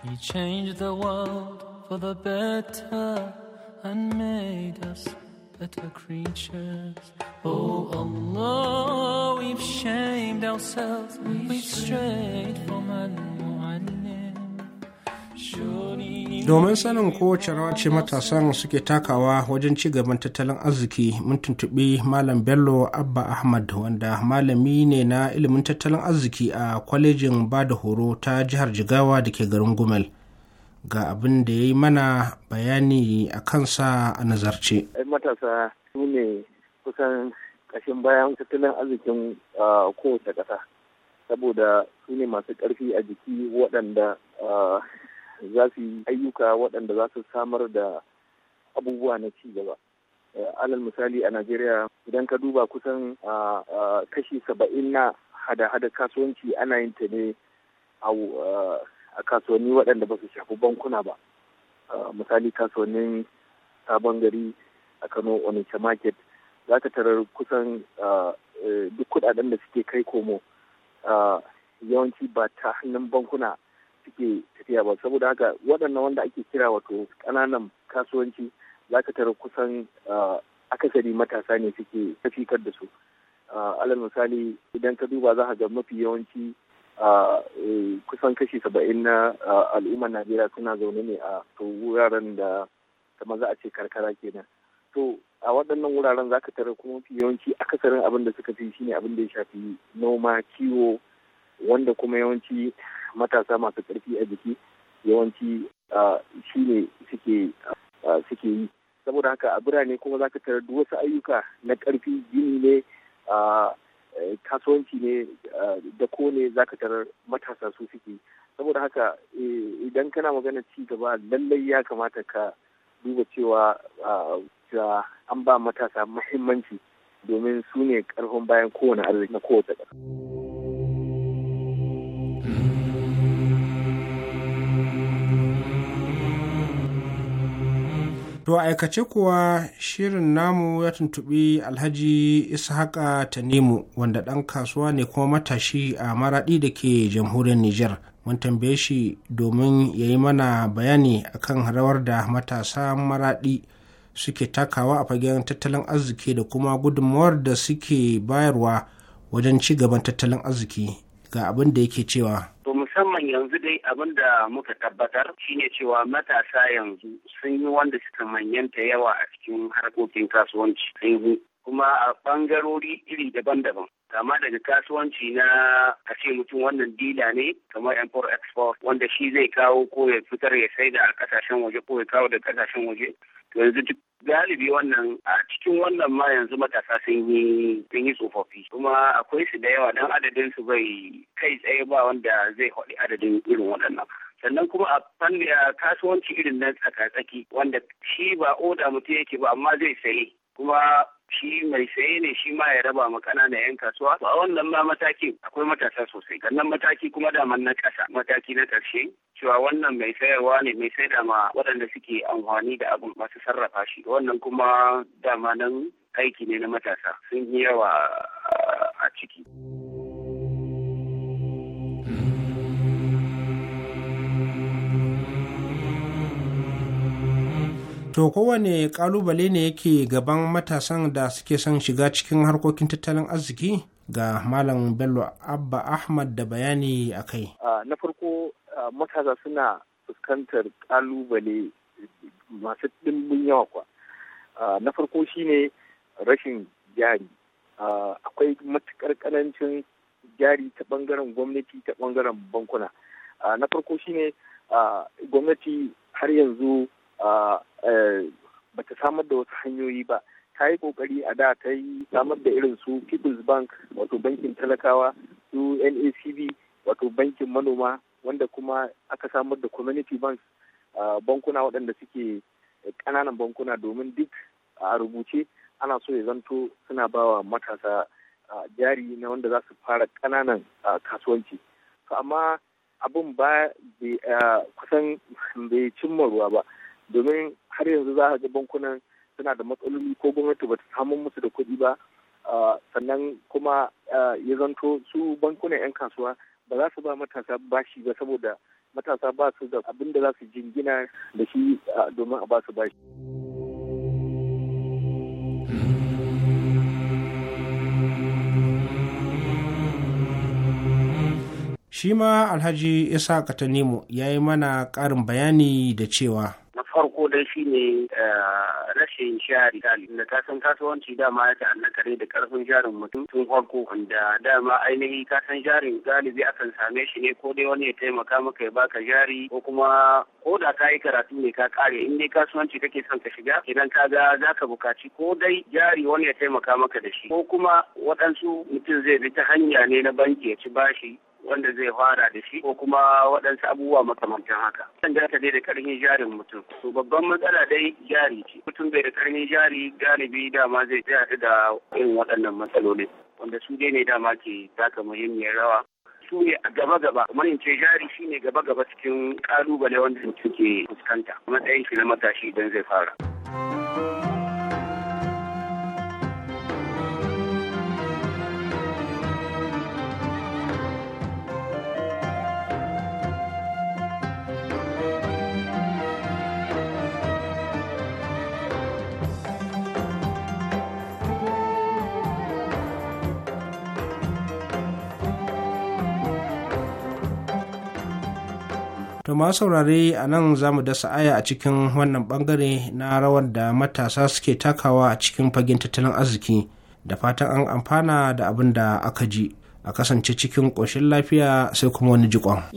He changed the world for the better and made us little creatures. Oh Allah, we've shamed ourselves, we've strayed from Domin sanin kowace rawa ce matasan suke takawa wajen ci gaban tattalin arziki mun tuntuɓi Malam Bello Abba Ahmad wanda malami ne na ilimin tattalin arziki a kwalejin bada horo ta jihar Jigawa da ke garin Gumel. ga abin da ya yi mana bayani a kansa a nazarce. matasa su ne kusan ƙashin bayan tattalin arzikin kowace ƙasa saboda su ne masu ƙarfi a jiki waɗanda za su yi ayyuka waɗanda za su samar da abubuwa na ci gaba alal misali a najeriya idan ka duba kusan kashi saba'in na hada-hada kasuwanci ana yin ta ne a a kasuwanni waɗanda ba su shafi bankuna ba misali kasuwannin sabon gari a kano onitsha market za ka tarar kusan e, duk kudaden da suke kai komo yawanci ba ta hannun bankuna suke tafiya ba saboda haka waɗannan wanda ake kira wato ƙananan kasuwanci za ka tarar kusan akasari matasa ne suke tafikar da su alal misali idan ka duba za ka ga mafi yawanci Eh, kusan kashi saba'in na al'ummar najeriya suna zaune ne a wuraren da kamar za a ce karkara kenan to a waɗannan wuraren za ka tara kuma fi yawanci akasarin abin da suka fi shine abin da ya shafi noma kiwo wanda kuma yawanci matasa masu ƙarfi a jiki yawanci shi ne suke yi saboda haka a birane kuma za ka tara duk wasu ayyuka na ƙarfi gini ne kasuwanci ne eh, da ko ne ka tarar matasa su suke saboda haka eh, idan kana magana ci gaba lallai ya kamata ka duba cewa ah, an ba matasa muhimmanci domin su ne karfin bayan kowane arziki na kowace ƙasa. To aikace kuwa shirin namu ya tuntuɓi Alhaji Ishaqa Tanimu wanda ɗan kasuwa ne kuma matashi a maraɗi da ke jamhuriyar Nijar. Mun tambaye shi domin ya yi mana bayani a kan rawar da matasa maraɗi suke takawa a fagen tattalin arziki da kuma gudunmawar da suke bayarwa wajen ci gaban tattalin arziki ga abin da yake cewa. To musamman yanzu dai abin da muka tabbatar shine cewa matasa yanzu sun yi wanda suka manyanta yawa a cikin harkokin kasuwanci sun kuma a bangarori iri daban-daban. kama daga kasuwanci na a ce mutum wannan dila ne kamar import export wanda shi zai kawo ko ya fitar ya sai da a kasashen waje ko ya kawo da kasashen waje yanzu duk galibi wannan a cikin wannan ma yanzu matasa sun yi sun yi tsofaffi kuma akwai su da yawa dan adadin su bai kai tsaye ba wanda zai haɗi adadin irin waɗannan sannan kuma a fanni kasuwanci irin na tsaka-tsaki wanda shi ba oda mutum yake ba amma zai saye kuma shi mai saye ne shi ma ya raba ma kananan 'yan kasuwa a wannan ma matakin akwai matasa sosai kannan mataki kuma daman na ƙasa mataki na ƙarshe cewa wannan mai sayarwa ne mai da ma waɗanda suke amfani da abu masu sarrafa shi wannan kuma dama nan aiki ne na matasa sun yi yawa a ciki. To kowane kalubale ne yake gaban matasan da suke son shiga cikin harkokin tattalin arziki ga Malam Bello Abba Ahmad da bayani a kai. Na farko matasa suna fuskantar kalubale masu ɗimbin yawa kuwa. Na farko shine rashin jari. Akwai matukar ƙarancin jari ta ɓangaren gwamnati ta ɓangaren bankuna. Na farko shine gwamnati har yanzu Eh, ba ta samar da wasu hanyoyi ba ta yi kokari a da ta yi samar da irin su people's bank wato bankin talakawa su nacb wato bankin manoma wanda kuma aka samar da community banks bankuna waɗanda suke ƙananan bankuna domin duk a rubuce ana so ya zanto suna bawa matasa jari na wanda za su fara ƙananan kasuwanci amma abin ba kusan bai cimma ruwa ba domin har yanzu za a ga bankunan suna da matsaloli ko gwamnati ba ta samu musu da kuɗi ba sannan kuma ya zanto su bankunan 'yan kasuwa ba za su ba matasa bashi ba saboda matasa ba su da abin da za su jingina da shi domin a ba su bashi. Shi ma Alhaji Isa Katanimu ya yi mana ƙarin bayani da cewa. na farko dai shi ne eh, rashin shari da san kasuwanci dama ya ta'allaka ne da karfin jarin mutum tun farko da dama ainihi kasan san jarin galibi akan same shi ne ko dai wani ya taimaka maka ya baka jari ko kuma ko da ka yi karatu ne ka kare in dai kasuwanci kake son ka shiga idan ka ga za ka bukaci ko dai jari wani ya taimaka maka da shi ko kuma waɗansu mutum zai bi ta hanya ne na banki ya ci bashi wanda zai fara da shi ko kuma waɗansu abubuwa makamantan haka. Kan ta dai da karfin jarin mutum. To babban matsala dai jari ce. Mutum bai da karfin jari galibi dama zai haɗu da irin waɗannan matsalolin. Wanda su dai ne dama ke taka muhimmiyar rawa. Su ne a gaba-gaba, kamar in ce jari shi ne gaba-gaba cikin ƙalubale wanda mutum ke fuskanta. Matsayin shi na matashi idan zai fara. To ma saurare a nan za mu dasa aya a cikin wannan bangare na rawar da matasa suke takawa a cikin fagen tattalin arziki da fatan an amfana da abin da aka ji a kasance cikin ƙoshin lafiya sai kuma wani jikon.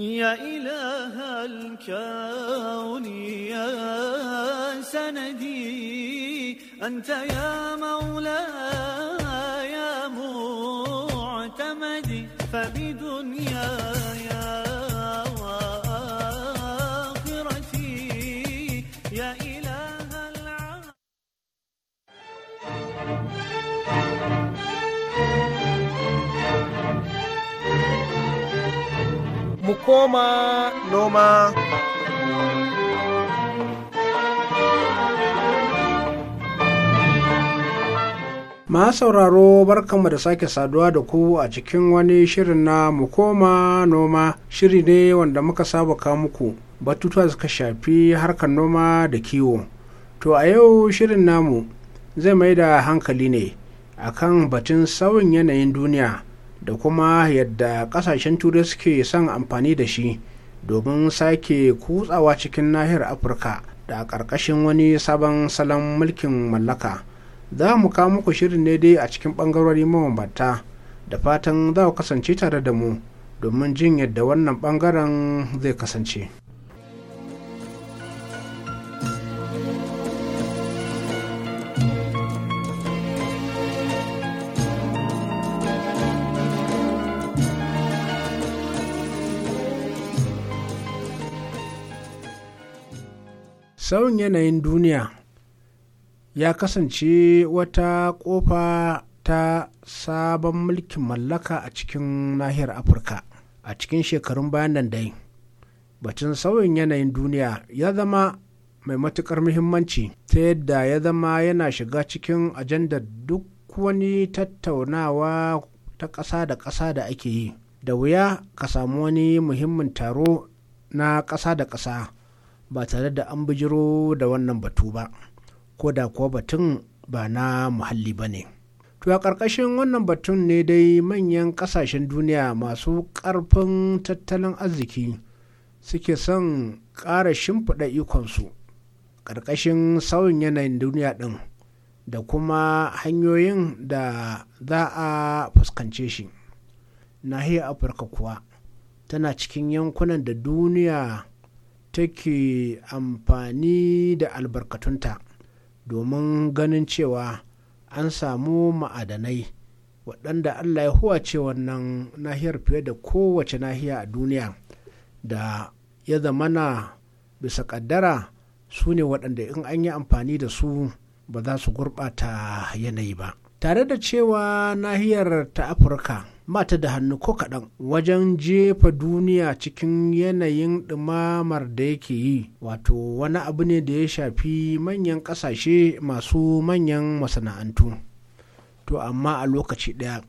Ya mu koma noma. Ma sauraro barkanmu da sake saduwa da ku a cikin wani shirin na mu koma noma shiri ne wanda muka saba ka muku batutuwa suka shafi harkar noma da kiwo. To a yau shirin namu zai mai da hankali ne akan batun sauyin yanayin duniya. da kuma yadda kasashen turai suke son amfani da shi domin sake kutsawa cikin nahiyar afirka da a ƙarƙashin wani sabon salon mulkin mallaka za mu kawo muku shirin ne dai a cikin ɓangarori mabambanta da fatan za ku kasance tare da mu domin jin yadda wannan ɓangaren zai kasance sauyin yanayin duniya ya kasance wata ƙofa ta sabon mulkin mallaka a cikin nahiyar afirka a cikin shekarun bayan nan dai batun sauyin yanayin duniya ya zama mai matuƙar muhimmanci ta yadda ya zama yana shiga cikin ajandar duk wani tattaunawa ta ƙasa da ƙasa da ake yi da wuya ka samu wani muhimmin taro na ƙasa da ƙasa ba tare da an bijiro da wannan batu ba ko da kuwa batun ba na muhalli ba ne to a ƙarƙashin wannan batun ne dai manyan ƙasashen duniya masu ƙarfin tattalin arziki suke son ƙara shimfiɗa ikonsu ƙarƙashin sauyin yanayin duniya ɗin da kuma hanyoyin da za a fuskance shi nahiyar afirka kuwa tana cikin yankunan da duniya take amfani da albarkatunta domin ganin cewa an samu ma'adanai waɗanda allah ya huwa ce wannan nahiyar fiye da kowace nahiya a duniya da ya zama na bisa ƙaddara su ne waɗanda in an yi amfani da su ba za su gurɓata yanayi ba tare da cewa nahiyar ta afirka mata da hannu ko kaɗan wajen jefa duniya cikin yanayin ɗumamar da yake yi wato wani abu ne da ya shafi manyan ƙasashe masu manyan masana'antu to amma a lokaci ɗaya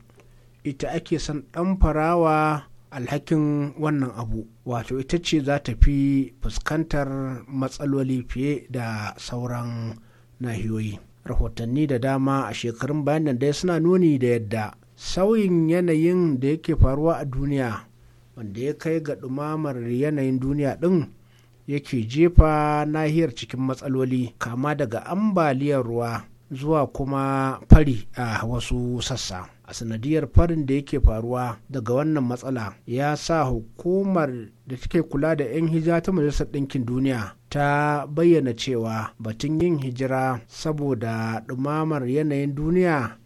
ita ake son ɗan farawa alhakin wannan abu wato ita ce za ta fi fuskantar matsaloli fiye da sauran nahiyoyi rahotanni da dama a shekarun bayan nan suna nuni da yadda sauyin yanayin da yake faruwa a duniya wanda ya kai ga ɗumamar yanayin duniya ɗin yake jefa nahiyar cikin matsaloli kama daga ambaliyar ruwa zuwa kuma fari a wasu sassa a sanadiyar farin da yake faruwa daga wannan matsala ya sa hukumar da take kula da 'yan hijira ta majalisar ɗinkin duniya ta bayyana cewa batun yin hijira saboda ɗumamar yanayin duniya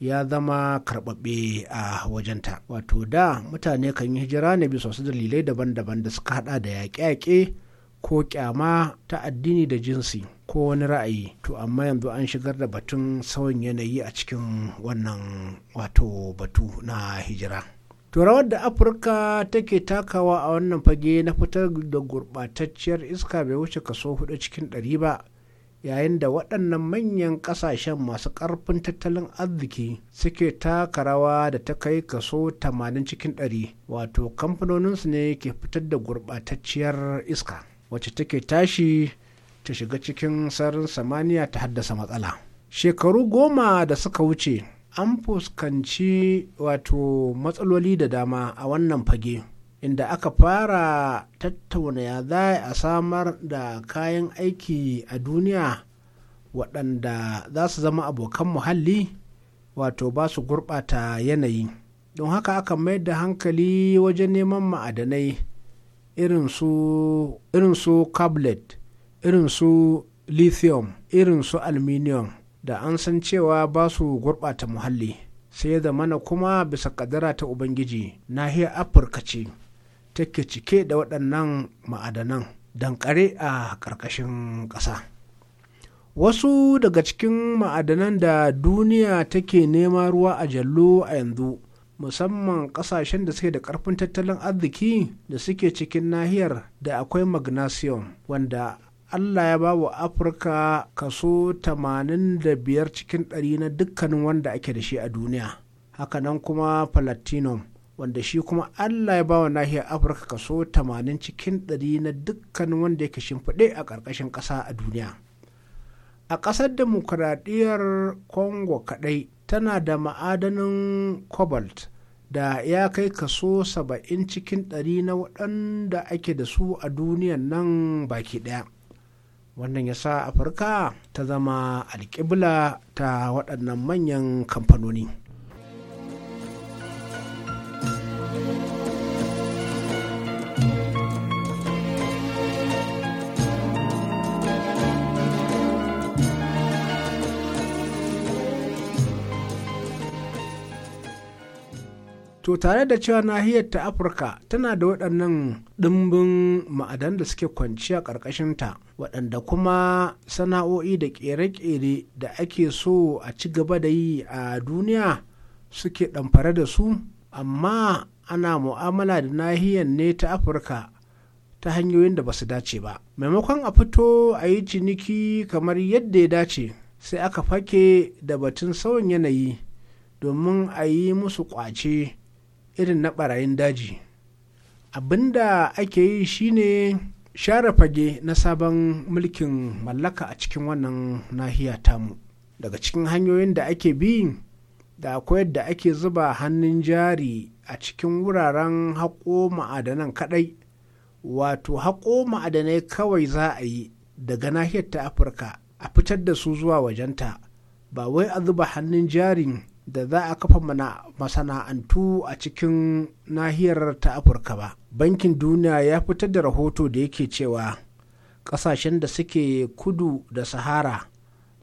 ya zama karbabbe a wajenta wato da mutane kan yi hijira ne bisa wasu dalilai daban-daban da suka hada da yaƙe-yaƙe ko kyama ta addini da jinsi ko wani ra'ayi to amma yanzu an shigar da batun sauyin yanayi a cikin wannan wato batu na hijira to rawar da afirka take takawa a wannan fage na fitar da gurɓatacciyar iska bai wuce kaso hudu cikin ɗari ba yayin da waɗannan manyan ƙasashen masu ƙarfin tattalin arziki suke taka rawa da ta kai kaso 80 cikin 100 wato kamfanoninsu ne ke fitar da gurɓatacciyar iska wacce take tashi ta shiga cikin sararin samaniya ta haddasa matsala shekaru goma da suka wuce an fuskanci wato matsaloli da dama a wannan fage inda aka fara tattauna ya za a samar da kayan aiki a duniya waɗanda za su zama abokan muhalli wato ba su gurɓata yanayi don haka aka mayar da hankali wajen neman ma'adanai irin su cablet irin su lithium irin su aluminium da an san cewa ba su gurɓata muhalli sai ya zamana kuma bisa kadara ta ubangiji nahiyar afirka ce take cike da waɗannan ma'adanan dankare a ƙarƙashin ƙasa wasu daga cikin ma'adanan da duniya take nema ruwa a jallo a yanzu musamman ƙasashen da suke da ƙarfin tattalin arziki da suke cikin nahiyar da akwai magnesium wanda Allah ya ba wa Afirka kaso 85 cikin ɗari na dukkanin wanda ake da shi a duniya. Hakanan kuma Palatinum wanda shi kuma allah ya bawa nahiyar afirka kaso 80 cikin 100 na dukkanin wanda yake shimfiɗe a ƙarƙashin ƙasa a duniya a ƙasar demokuraɗiyyar congo kaɗai tana da ma'adanin cobalt da ya kai kaso 70 cikin 100 na waɗanda ake da su a duniyan nan baki ɗaya wannan ya sa afirka ta zama alƙibla ta waɗannan manyan kamfanoni to tare da cewa nahiyar ta afirka tana da waɗannan ɗimbin ma'adan da suke kwanciya ƙarƙashinta waɗanda kuma sana'o'i da ƙere-ƙere da ake so a ci gaba da yi a duniya suke ɗamfare da su amma ana mu'amala da nahiyar ne ta afirka ta hanyoyin da ba su dace ba maimakon a fito a yi ciniki kamar yadda ya dace sai aka fake da batun sauyin yanayi domin a yi musu kwace irin na barayin daji abinda ake yi shine share fage na sabon mulkin mallaka a cikin wannan nahiya tamu daga cikin hanyoyin da ake bi da akwai yadda ake zuba hannun jari a cikin wuraren haƙo ma'adanan kaɗai wato haƙo ma'adanai kawai za a yi daga nahiyar ta afirka a fitar da su zuwa wajenta ba wai a zuba hannun jarin da za a kafa masana'antu a cikin nahiyar ta afirka ba bankin duniya ya fitar da rahoto da yake cewa kasashen da suke kudu da sahara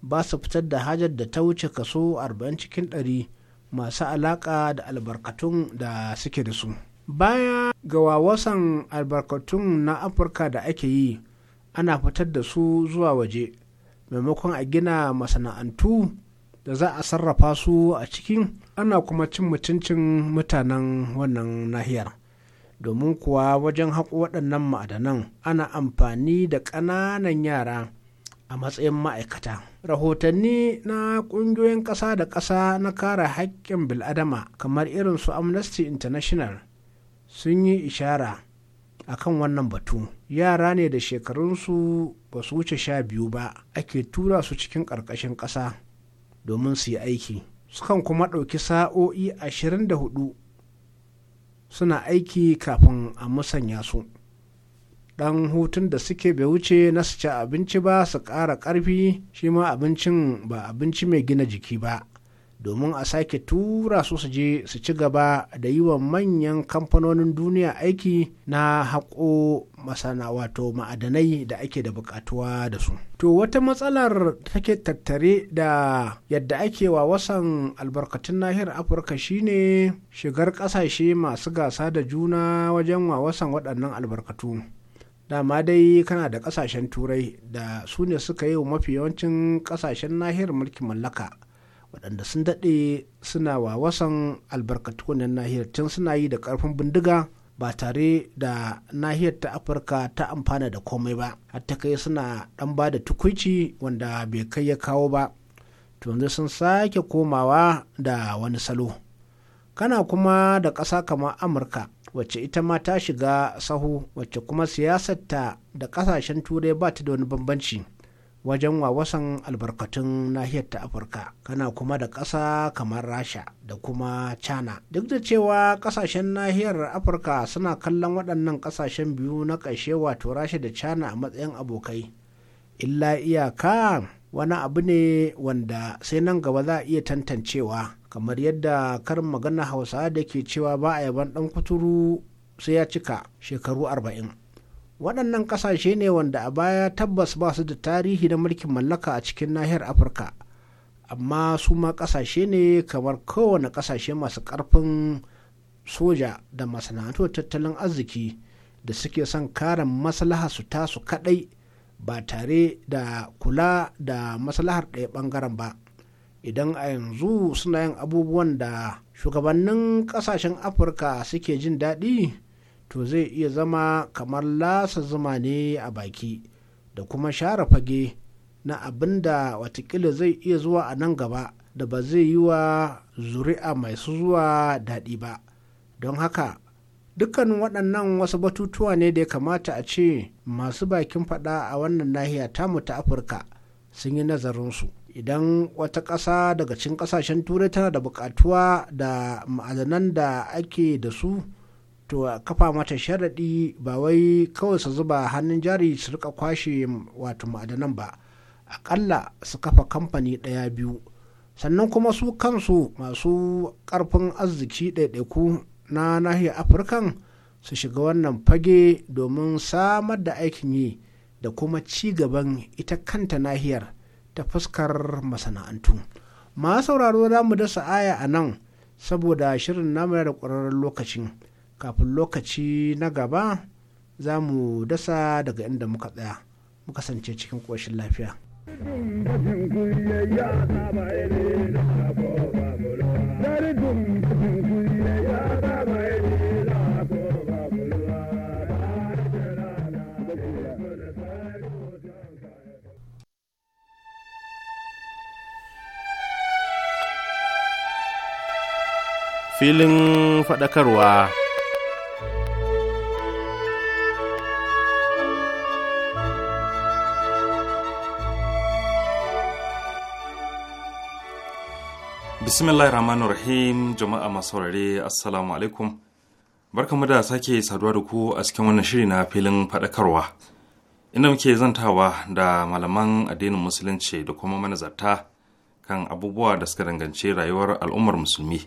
ba su fitar da hajar da ta wuce kaso 40 cikin 100 masu alaka da albarkatun da suke da su baya ga wawasan albarkatun na afirka da ake yi ana fitar da su zuwa waje maimakon a gina masana'antu da za a sarrafa su a cikin ana kuma cin mutuncin mutanen wannan nahiyar domin kuwa wajen haƙo waɗannan ma'adanan ana amfani da ƙananan yara a matsayin ma'aikata. Rahotanni na ƙungiyoyin ƙasa da ƙasa na kare haƙƙin bil'adama kamar irin su Amnesty International sun yi ishara a kan wannan batu. Yara ne da shekarunsu ba su wuce sha biyu ba ake tura su cikin ƙarƙashin ƙasa domin su yi aiki sukan kuma ɗauki sa'o'i 24 suna aiki kafin a musanya su ɗan hutun da suke bai wuce na su ci abinci ba su ƙara ƙarfi shi ma abincin ba abinci mai gina jiki ba domin a sake tura su su je su ci gaba da yi wa manyan kamfanonin duniya aiki na haƙo masana wato ma'adanai da ake da buƙatuwa da su. To wata matsalar take tattare da yadda ake wa wasan albarkatun nahiyar Afirka shine shigar ƙasashe masu gasa da juna wajen wa wasan waɗannan albarkatu. dama dai kana da ƙasashen turai da su ne suka yi wa mafi yawancin ƙasashen nahiyar mulkin mallaka waɗanda sun daɗe suna wa wasan albarkatu na nahiyar tun suna yi da ƙarfin bindiga ba tare da nahiyar ta afirka ta amfana da komai ba hatta kai suna ɗan ba da tukuici wanda bai kai ya kawo ba yanzu sun sake komawa da wani salo kana kuma da ƙasa kamar amurka wacce ita ma ta shiga sahu wacce kuma siyasarta da ƙasashen turai ba ta da wani bambanci wajen wawasan albarkatun nahiyar ta afirka kana kuma da ƙasa kamar rasha da kuma china duk da cewa ƙasashen nahiyar afirka suna kallon waɗannan ƙasashen biyu na ƙarshe wato rasha da china a matsayin abokai illa iyaka wani abu ne wanda sai nan gaba za a iya tantancewa kamar yadda karin magana hausa da ke cewa ba a yaban ɗan kuturu sai ya cika shekaru arba'in waɗannan ƙasashe ne wanda a baya tabbas ba su da tarihi na mulkin mallaka a cikin nahiyar afirka amma su ma ƙasashe ne kamar kowane ƙasashe masu ƙarfin soja da masana'antu tattalin arziki da suke son kare maslaha su tasu kaɗai ba tare da kula da maslahar ɗaya ɓangaren ba idan a yanzu suna yin abubuwan da shugabannin ƙasashen afirka suke jin daɗi to zai iya zama kamar lasa zuma ne a baki da kuma share fage na abin da watakila zai iya zuwa a nan gaba da ba zai yi wa zuri'a mai su zuwa daɗi ba don haka dukkan waɗannan wasu batutuwa ne da ya kamata a ce masu bakin faɗa a wannan nahiya tamu ta afirka sun yi nazarinsu idan wata ƙasa daga cikin ƙasashen turai tana da buƙatuwa da ma'adanan da ake da su to a kafa mata sharaɗi ba wai kawai su zuba hannun jari su rika kwashe wato ma'adanan ba aƙalla su kafa kamfani ɗaya biyu sannan kuma su kansu masu ƙarfin arziki ɗaiɗaiku na nahiyar afirkan su shiga wannan fage domin samar da aikin yi da kuma ci gaban ita kanta nahiyar ta fuskar masana'antu masu sauraro za mu dasa aya a nan saboda shirin namu da ƙwararren lokacin kafin lokaci na gaba za mu dasa daga inda muka tsaya muka sance cikin ƙoshin lafiya. Filin faɗakarwa bismillahir rahmanir rahim jama'a masu saurare assalamu alaikum barkamu da sake saduwa da ku a cikin wannan shiri na filin faɗakarwa inda muke zantawa da malaman addinin musulunci da kuma manazarta kan abubuwa da suka danganci rayuwar al'ummar musulmi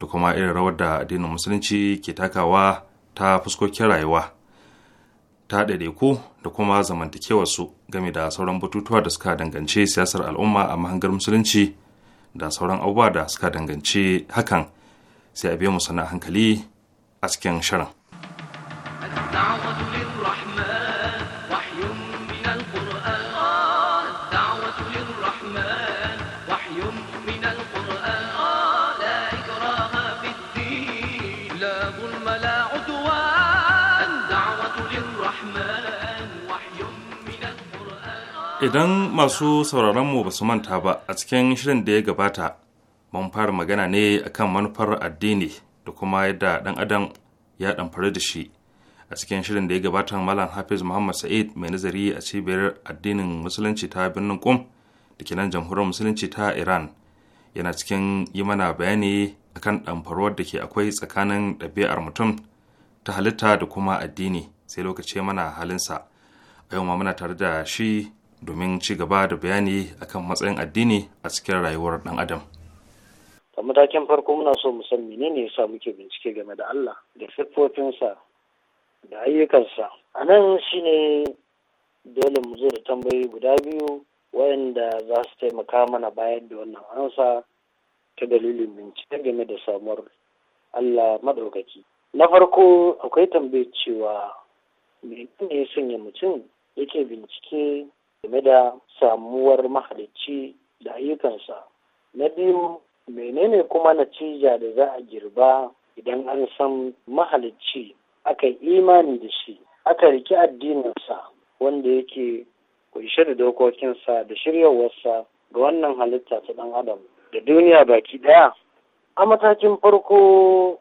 da kuma irin rawar da addinin musulunci ke takawa ta fuskokin rayuwa ta ɗaiɗaiku da kuma zamantakewarsu game da sauran batutuwa da suka danganci siyasar al'umma a mahangar musulunci da sauran abubuwa da suka danganci hakan sai a biya mu sana hankali a cikin shirin. idan masu sauraronmu ba su manta ba a cikin shirin da ya gabata mun fara magana ne akan manufar addini da kuma yadda ɗan adam ya ɗamfari da shi a cikin shirin da ya gabata malam hafiz muhammad sa'id mai nazari a cibiyar addinin musulunci ta birnin kum da ke nan jamhuriyar musulunci ta iran yana cikin yi mana bayani akan ɗamfarwar da ke akwai tsakanin ɗabi'ar mutum ta halitta da kuma addini sai lokaci mana halinsa a yau ma muna tare da shi domin ci gaba da bayani akan matsayin addini a cikin rayuwar ɗan adam. a matakin farko muna so mu san menene yasa muke bincike game da Allah da siffofinsa da ayyukansa a nan shine dole mu zo da tambayi guda biyu wayanda za su taimaka mana bayan da wannan ansa ta dalilin bincike game da samuwar Allah maɗaukaki na farko akwai tambayar cewa menene ya sanya mutum yake bincike game da samuwar mahalicci da ayyukansa na biyu menene kuma natija da za a girba idan an san mahalicci aka imani da shi aka riki addininsa wanda yake kunshe da dokokinsa da shiryawarsa ga wannan halitta ta ɗan adam da duniya baki ɗaya a matakin farko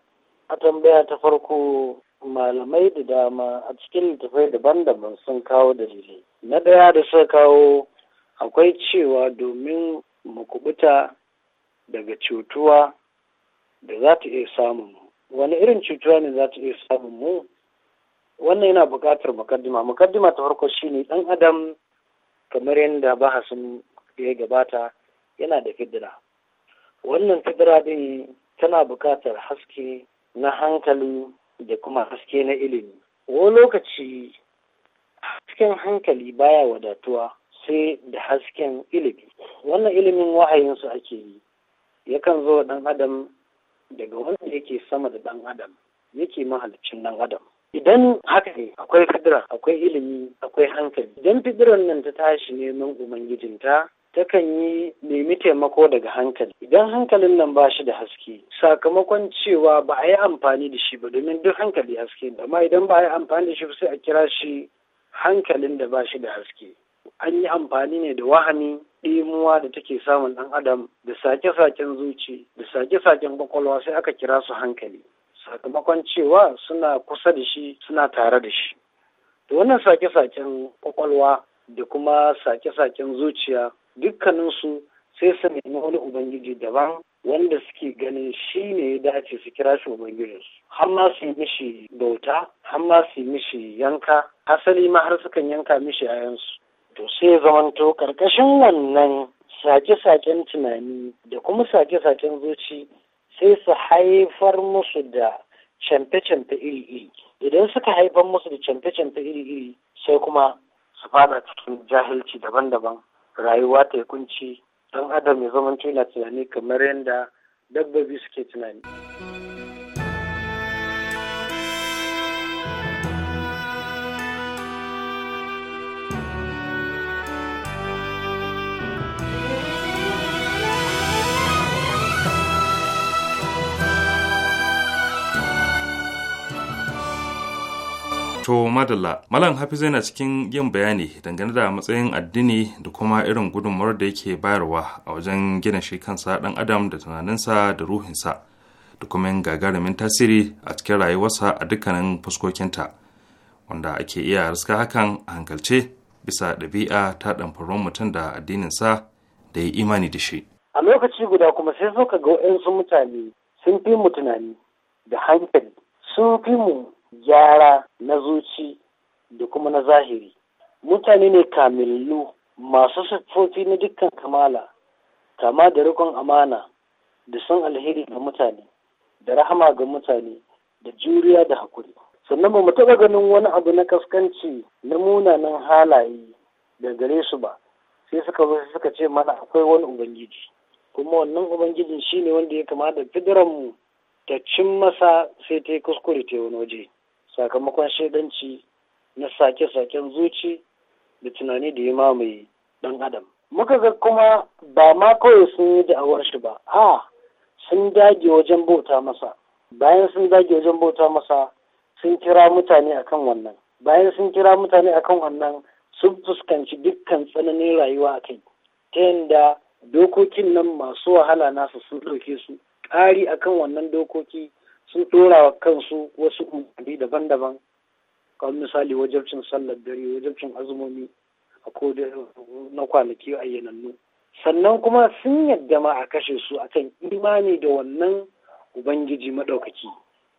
a tambaya ta farko malamai da dama a cikin littattafai daban-daban sun kawo dalilai na ɗaya da suka kawo akwai cewa domin mu kubuta daga cutuwa da za ta iya samun mu wani irin cutuwa ne za ta iya samun mu wannan yana buƙatar mukaddima mukaddima ta farko shine ɗan adam kamar yadda bahasin ya gabata yana da fidira wannan fidira din tana buƙatar haske na hankali da kuma haske na ilimi wani lokaci cikin hankali baya wadatuwa sai da hasken ilimi wannan ilimin wahayinsu ake yi yakan zo dan adam daga wanda yake sama da ɗan adam yake mahalicin ɗan adam idan haka ne akwai fidira akwai ilimi akwai hankali idan fidiran nan ta tashi neman ubangijinta takan yi nemi taimako daga hankali idan hankalin nan ba shi da haske sakamakon cewa ba a yi amfani da shi ba domin duk hankali haske amma idan ba a yi amfani da shi sai a kira shi hankalin da ba shi da haske an yi amfani ne da wahani ɗimuwa da take samun ɗan adam da sake-saken zuci da sake-saken kwakwalwa sai aka kira su hankali sakamakon cewa suna kusa da shi suna tare da shi da wannan sake-saken kwakwalwa da kuma sake-saken zuciya dukkaninsu sai su nemi wani ubangiji daban wanda suke ganin shi ne ya dace su kira shi ubangijinsu har ma su yi mishi bauta har ma su yi mishi yanka asali ma har sukan yanka mishi yayansu to sai ya zamanto karkashin wannan sake-saken tunani da kuma sake-saken zuci sai su haifar musu da canfe-canfe iri-iri idan suka haifar musu da canfe-canfe iri-iri sai kuma su fada cikin jahilci daban-daban rayuwa ta kunci ɗan adam ya zamanto yana tunani kamar yadda dabbobi suke tunani. To madalla, Malam Hafiz na cikin yin bayani dangane da matsayin addini da kuma irin gudunmawar da yake bayarwa a wajen gina shi kansa ɗan adam da tunaninsa da ruhinsa da kuma yin gagarumin tasiri a cikin rayuwarsa a dukkanin fuskokinta wanda ake iya riska hakan a hankalce bisa ɗabi'a ta ɗanfaron mutum da addininsa da ya imani da shi. A lokaci guda kuma sai suka ga wayansu mutane sun fi mu tunani da hankali sun fi mu gyara na zuci da kuma na zahiri mutane ne kamillu masu siffofi na dukkan kamala kama da rikon amana da son alheri ga mutane da rahama ga mutane da juriya da hakuri sannan ba mu taɓa ganin wani abu na kaskanci na munanan halaye da gare su ba sai suka zo suka ce mana akwai wani ubangiji kuma wannan ubangijin shine wanda ya kama da fidiranmu ta cin masa sai ta yi kuskure ta wani waje sakamakon shaidanci na sake-saken zuci da tunani da ya mamaye ɗan adam muka ga kuma ba ma kawai sun yi da'awar shi ba a sun dage wajen bauta masa bayan sun dage wajen bauta masa sun kira mutane akan wannan bayan sun kira mutane akan wannan sun fuskanci dukkan tsananin rayuwa a kai ta yadda dokokin nan masu wahala nasu sun ɗauke su ƙari akan wannan dokoki sun ɗora wa kansu wasu umarni daban-daban kamar misali wajabcin sallar dare wajabcin azumomi a na kwanaki ayyanannu sannan kuma sun yadda ma a kashe su a kan imani da wannan ubangiji maɗaukaki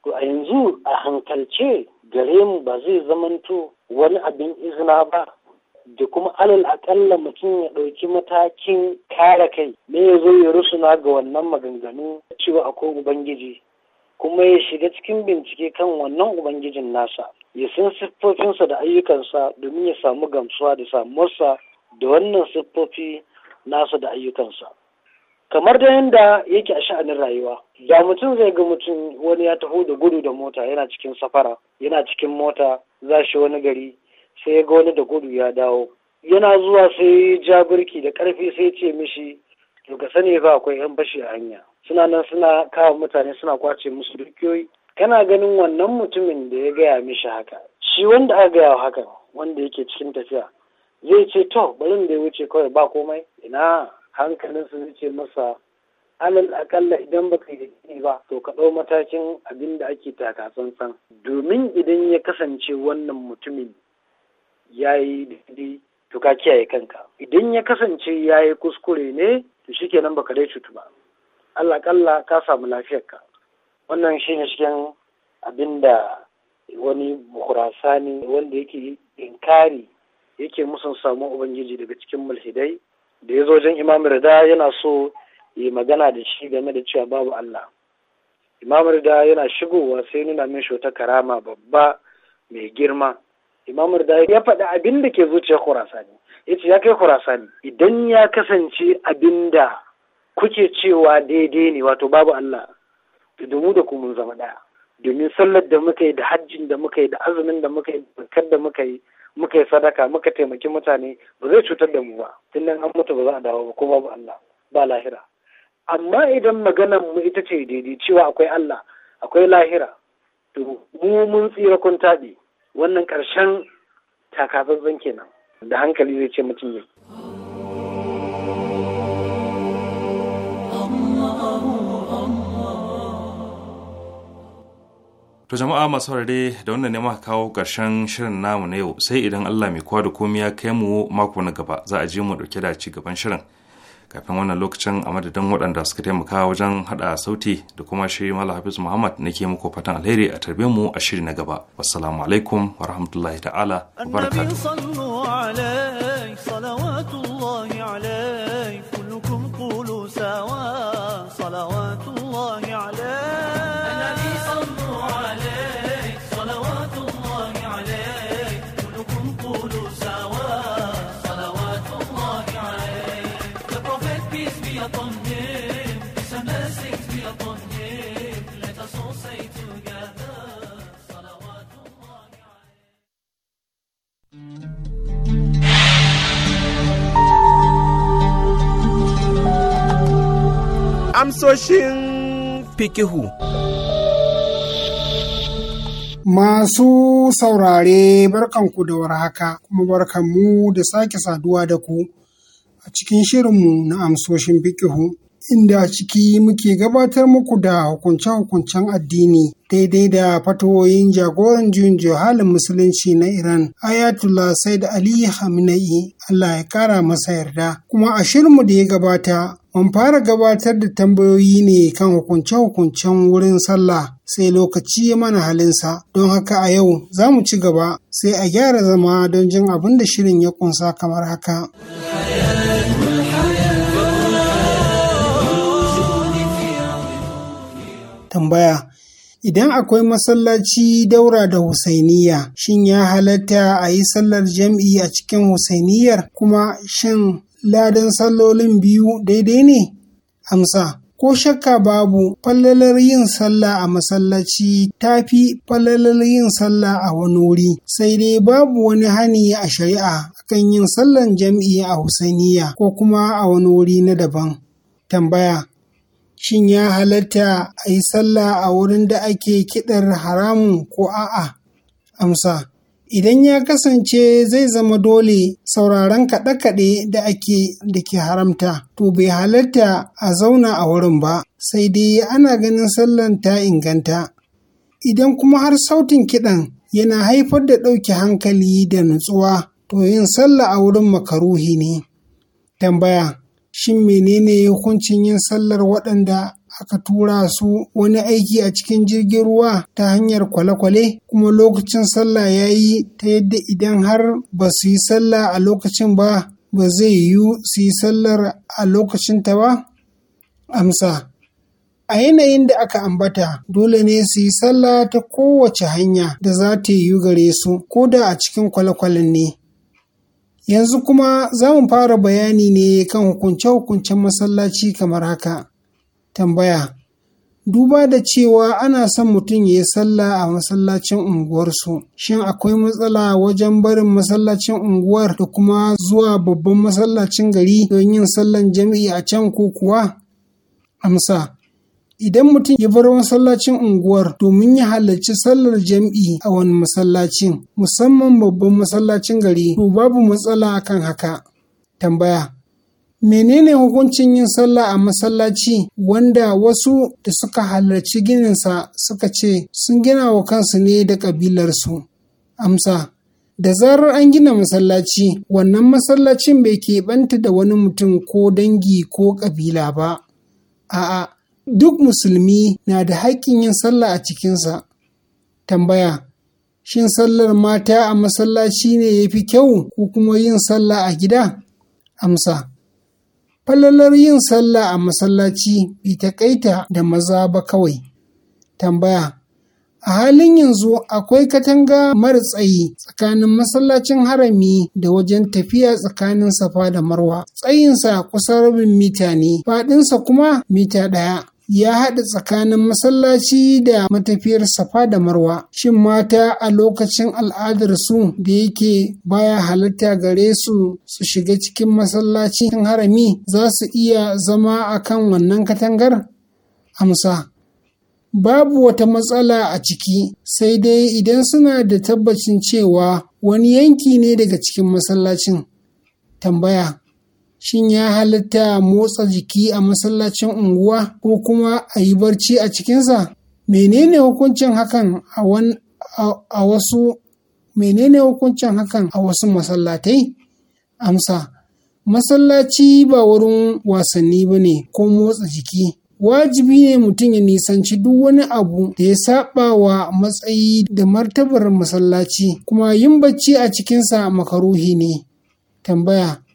to a yanzu a hankalce gare mu ba zai zamanto wani abin izina ba da kuma alal akalla mutum ya ɗauki matakin kare kai ne ya zo ya rusuna ga wannan maganganu cewa akwai ubangiji kuma ya shiga cikin bincike kan wannan ubangijin nasa ya san siffofinsa da ayyukansa domin ya samu gamsuwa da samuwarsa da wannan siffofi nasa da ayyukansa kamar da yadda yake a sha'anin rayuwa da mutum zai ga mutum wani ya taho da gudu da mota yana cikin safara yana cikin mota za shi wani gari sai ya ga wani da gudu ya dawo yana zuwa sai ja birki da ƙarfi sai ce mishi to ka sani fa akwai yan bashi a hanya suna nan suna kawo mutane suna kwace musu dukiyoyi kana ganin wannan mutumin da ya gaya mishi haka shi wanda aka gaya haka wanda yake cikin tafiya zai ce to barin da ya wuce kawai ba komai ina hankalinsa zai ce masa alal akalla idan baka yi ba to ka ɗau matakin abin da ake taka tsantsan domin idan ya kasance wannan mutumin ya yi daidai to ka kiyaye kanka idan ya kasance ya yi kuskure ne to shikenan ka dai cutu ba Allah kalla ka samu lafiyarka wannan ne cikin abin da wani ne wanda yake inkari yake musun samu ubangiji daga cikin mulhidai da ya zo wajen imam rida yana so yi magana da shi game da cewa babu Allah imam rida yana shigowa sai nuna min shota karama babba mai girma imam rida ya faɗi abin da ke zuciyar kurasani ya ce ya kai kurasani idan ya kasance abin da kuke cewa daidai ne wato babu Allah da mu da ku mun zama ɗaya domin sallar da muka yi da hajjin da muka yi da azumin da muka yi zakar da muka yi muka yi sadaka muka taimaki mutane ba zai cutar da mu ba tun an mutu ba za a dawo ba ko babu Allah ba lahira amma idan maganar mu ita ce daidai cewa akwai Allah akwai lahira to mu mun tsira kun taɓi wannan ƙarshen takatsantsan kenan da hankali zai ce mutum ya To jama'a masu saurare da wannan ne muka kawo ƙarshen shirin namu na yau sai idan Allah mai kwa da komai ya kai mu mako na gaba za a je mu dauke da ci gaban shirin. Kafin wannan lokacin a madadin waɗanda suka taimaka wajen haɗa sauti da kuma shi Malam Hafiz Muhammad nake muku fatan alheri a tarbe mu a shiri na gaba. Assalamu alaikum wa rahmatullahi ta'ala wa amsoshin fikihu. Masu saurare barkanku da warhaka kuma barkanmu da sake saduwa da ku a cikin shirinmu na amsoshin fikihu. inda ciki muke gabatar muku da hukunce-hukuncen addini daidai da fatoyin jagoran juyin halin musulunci na Iran Ayatollah Said Ali Khamenei Allah ya kara masa yarda kuma a shirinmu da ya gabata mun fara gabatar da tambayoyi ne kan hukunce-hukuncen wurin sallah sai lokaci ya mana halinsa don haka a yau za mu ci gaba sai a gyara zama don jin abin da shirin ya kunsa kamar haka. tambaya Idan akwai masallaci daura da Husainiya, shin ya halatta a yi sallar jam'i a cikin Husainiyar kuma shin ladan sallolin biyu daidai ne? Amsa, ko shakka babu fallalar yin sallah a masallaci ta fi fallalar yin sallah a wani wuri, sai dai babu wani hani a shari'a akan yin sallan jam'i a Husainiya ko kuma a wani wuri na daban. Tambaya. shin ya halatta a yi sallah a wurin da ake kiɗar haramun ko a'a? Amsa, idan ya kasance zai zama dole sauraron kaɗe-kaɗe da ake da ke haramta, to bai halatta a zauna a wurin ba, sai dai ana ganin sallan ta inganta. Idan kuma har sautin kiɗan yana haifar da ɗauke hankali da nutsuwa, to yin sallah a wurin makaruhi ne. Tambaya. Shin menene hukuncin yin sallar waɗanda aka tura su wani aiki a cikin jirgin ruwa ta hanyar kwale-kwale kuma lokacin sallah ya yi ta yadda idan har ba su yi sallah a lokacin ba ba zai yiwu su yi sallar a lokacin ta ba? Amsa A yanayin da aka ambata, dole ne su yi sallah ta kowace hanya da za ta yiwu gare su, ko da a cikin kwale-kwalen ne. Yanzu kuma za mu fara bayani ne kan hukunce-hukuncen masallaci kamar haka. Tambaya Duba da cewa ana son mutum ya yi sallah a masallacin unguwarsu, shin akwai matsala wajen barin masallacin unguwar da kuma zuwa babban masallacin gari don yin sallan jam'i a can ko kuwa? Amsa idan mutum ya bar masallacin unguwar domin ya halarci sallar jam'i a wani masallacin musamman babban masallacin gari to babu matsala akan haka tambaya menene hukuncin yin sallah a masallaci wanda wasu da suka halarci gininsa suka ce sun gina wa kansu ne da ƙabilarsu amsa da zarar an gina masallaci wannan masallacin bai keɓanta da wani mutum ko dangi ko ƙabila ba a'a duk musulmi na da haƙƙin yin sallah a cikinsa. Tambaya Shin sallar mata a masallaci ne ya fi kyau ko kuma yin sallah a gida? Amsa Falalar yin sallah a masallaci bi ta kaita da maza ba kawai. Tambaya A halin yanzu akwai katanga mara tsayi tsakanin masallacin harami da wajen tafiya tsakanin safa da marwa. Tsayinsa kusan rabin mita ne, faɗinsa kuma mita ɗaya. ya haɗa tsakanin masallaci da matafiyar safa da marwa shin mata a lokacin al'adar su da yake baya halatta gare su su shiga cikin masallacin harami za su iya zama a kan wannan katangar amsa babu wata matsala a ciki sai dai idan suna da tabbacin cewa wani yanki ne daga cikin masallacin tambaya shin ya halatta motsa jiki a masallacin unguwa ko kuma a yi barci a cikinsa menene hukuncin hakan a wasu menene hukuncin hakan a wasu masallatai amsa masallaci ba wurin wasanni ba ne ko motsa jiki wajibi ne mutum ya nisanci duk wani abu da ya saba wa matsayi da martabar masallaci kuma yin bacci a cikinsa makaruhi ne tambaya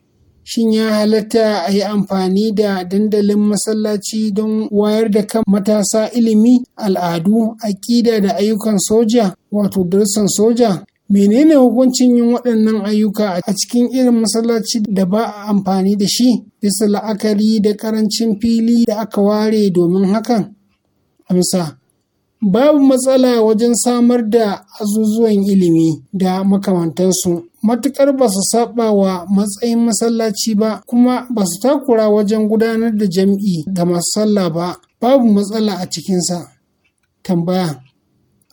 Shin ya halatta a yi amfani da dandalin masallaci don wayar da kan matasa ilimi, al'adu, aƙida da ayyukan soja, wato darussan soja? Menene hukuncin yin waɗannan ayyuka a cikin irin masallaci da ba a amfani da shi, bisa la'akari da ƙarancin fili da aka ware domin hakan? Amsa. Babu matsala wajen samar da azuzuwan ilimi da makamantansu. matuƙar ba su saba wa matsayin masallaci ba kuma ba su takura wajen gudanar da jam'i ga masu ba babu matsala a cikinsa. Tambaya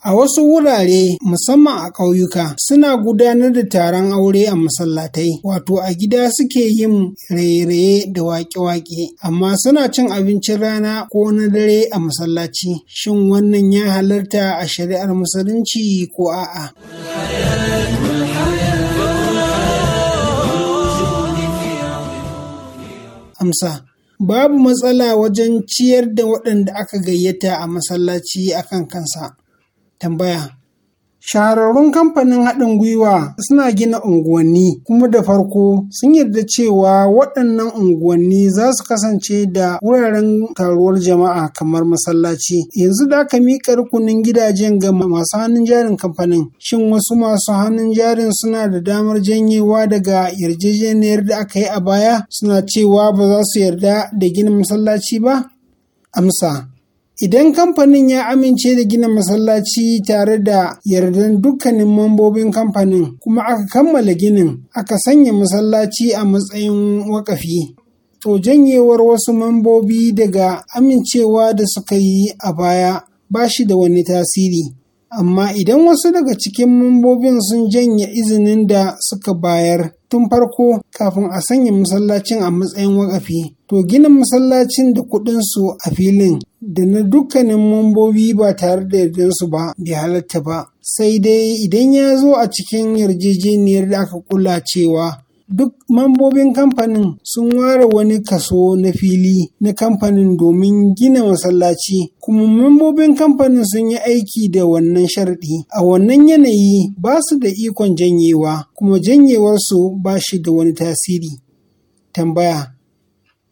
A wasu wurare musamman a ƙauyuka suna gudanar da taron aure a masallatai wato a gida suke yin raye-raye da waƙe-waƙe amma suna cin abincin rana ko na dare a masallaci shin wannan ya halarta a shari'ar musulunci ko a'a. amsa. Babu matsala wajen ciyar da waɗanda aka gayyata a masallaci akan kansa. Tambaya. Shahararrun kamfanin haɗin gwiwa suna gina unguwanni kuma da farko sun yarda cewa waɗannan unguwanni za su kasance da wuraren taruwar jama'a kamar masallaci. Yanzu da aka miƙa rukunin gidajen ga masu hannun jarin kamfanin. Shin wasu masu hannun jarin suna da damar janyewa daga yarjejeniyar da aka yi a baya suna cewa ba za su yarda da gina masallaci ba? Amsa. Idan kamfanin ya amince da gina masallaci tare da yardan dukkanin mambobin kamfanin kuma aka kammala ginin aka sanya masallaci a matsayin wakafi. To janyewar wasu mambobi daga amincewa da suka yi a baya ba shi da wani tasiri. Amma idan wasu daga cikin mambobin sun janye izinin da suka bayar tun farko kafin a sanya masallacin a matsayin wakafi. to gina masallacin da kuɗinsu a filin da na dukkanin mambobi ba tare da yardansu ba bai halatta ba sai dai idan ya zo a cikin yarjejeniyar da aka kula cewa duk mambobin kamfanin sun ware wani kaso na fili na kamfanin domin gina masallaci kuma mambobin kamfanin sun yi aiki da wannan sharɗi a wannan yanayi ba su da ikon janyewa kuma janyewarsu ba shi da wani tasiri tambaya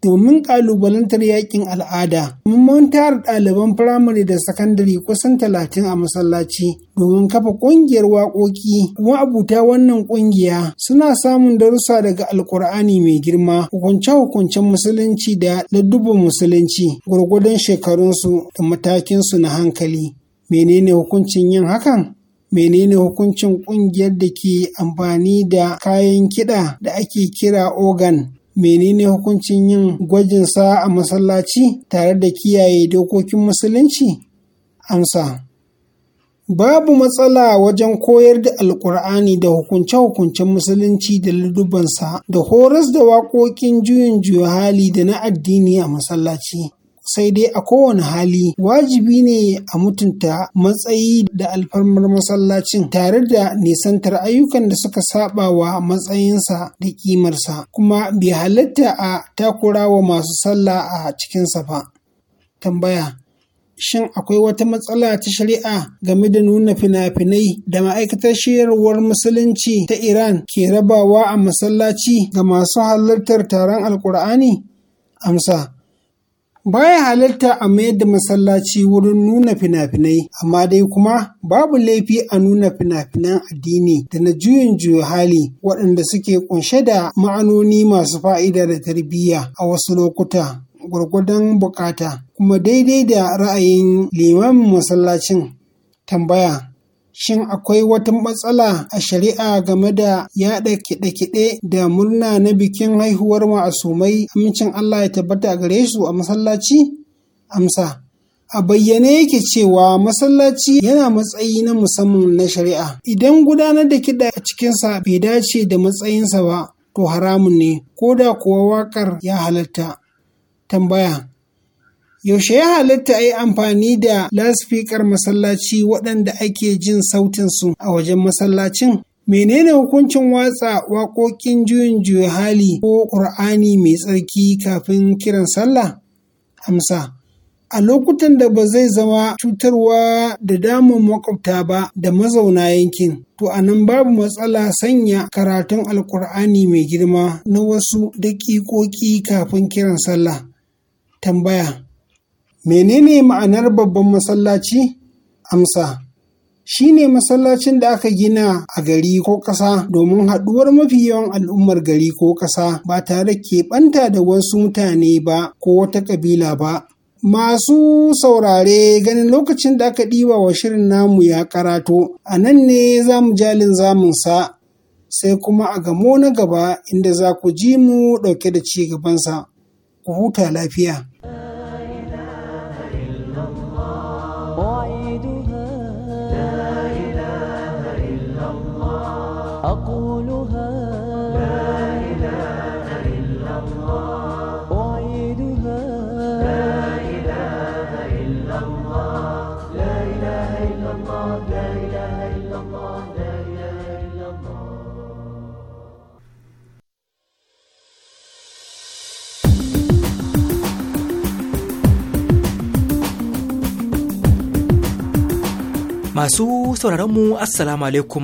domin ƙalubalantar yakin al'ada. Mun tara ɗaliban firamare da sakandare kusan talatin a masallaci domin kafa ƙungiyar waƙoƙi. Kuma abuta wannan ƙungiya suna samun darussa daga Alƙur'ani mai girma, hukunce-hukuncen musulunci da ladduban musulunci, gwargwadon shekarunsu da matakinsu na hankali. Menene hukuncin yin hakan? menene hukuncin ƙungiyar da ke amfani da kayan kiɗa da ake kira organ menene hukuncin yin gwajin sa a masallaci tare da kiyaye dokokin musulunci? Amsa. Babu matsala wajen koyar da Alƙur'ani da hukunce-hukuncen Musulunci da ludubansa da horas da waƙoƙin juyin juya hali da na addini a masallaci. sai dai a kowane hali wajibi ne a mutunta matsayi da alfarmar masallacin tare da nisantar ayyukan da suka saba wa matsayinsa da kimarsa kuma bai halatta a takura wa masu sallah a cikinsa ba. Tambaya Shin akwai wata matsala ta shari'a game da nuna fina-finai da ma'aikatar shayarwar musulunci ta Iran ke rabawa a masallaci ga masu halartar taron Alkur'ani? Amsa. baya halarta a mayar da masallaci wurin nuna fina-finai, amma dai kuma babu laifi a nuna fina-finan addini da na juyin juya hali waɗanda suke kunshe da ma'anoni masu fa'ida da tarbiyya a wasu lokuta. Gwargwadon bukata kuma daidai da ra'ayin limamin masallacin tambaya Shin akwai wata matsala a shari'a game da yaɗa kiɗe-kiɗe da murna na bikin haihuwar ma'asumai amincin Allah ya tabbata gare su a masallaci? Amsa. a bayyane yake cewa masallaci yana matsayi na musamman na shari'a idan gudanar da kiɗa a cikinsa bai dace da matsayinsa ba to haramun ne ko da kuwa waƙar ya halatta tambaya Yaushe ya halatta a yi amfani da lasfikar masallaci waɗanda ake jin sautinsu a wajen masallacin? Menene hukuncin watsa waƙoƙin juyin juya hali ko ƙur'ani mai tsarki kafin kiran sallah? Amsa. a lokutan da ba zai zama cutarwa da damun makwabta ba da mazauna yankin. To a nan babu matsala sanya karatun alkur'ani mai girma na wasu daƙiƙoƙi kafin kiran sallah. Tambaya Menene ma'anar babban masallaci? Amsa. Shi ne masallacin da aka gina a gari ko ƙasa domin haɗuwar mafi yawan al'ummar gari ko ƙasa ba tare keɓanta da wasu mutane ba ko wata ƙabila ba. Masu saurare ganin lokacin da aka ɗiba wa shirin namu ya karato, a nan ne za mu jalin zamunsa, sai kuma a gamo na gaba inda za ku ji mu ɗauke da ci gabansa. Ku huta lafiya. أقولها لا إله إلا الله أعيدها لا إله إلا الله لا إله إلا الله لا إله إلا الله لا إله إلا الله Masu sauraronmu, Assalamu alaikum.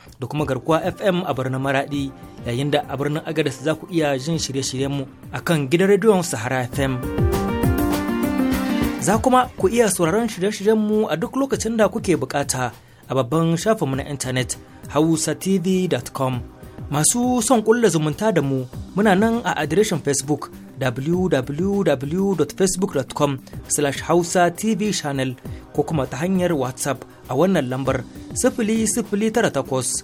da kuma garkuwa FM a birnin Maradi yayin da a birnin Agadez za ku iya jin shirye-shiryenmu a kan gidan rediyon Sahara FM. Za kuma ku iya sauraron shirye-shiryenmu a duk lokacin da kuke bukata a babban shafinmu na intanet hausatv.com. Masu son kulla zumunta da mu muna nan a adireshin Facebook www.facebook.com slash hausa tv channel ko kuma ta hanyar whatsapp a wannan lambar sifili sifili takwas.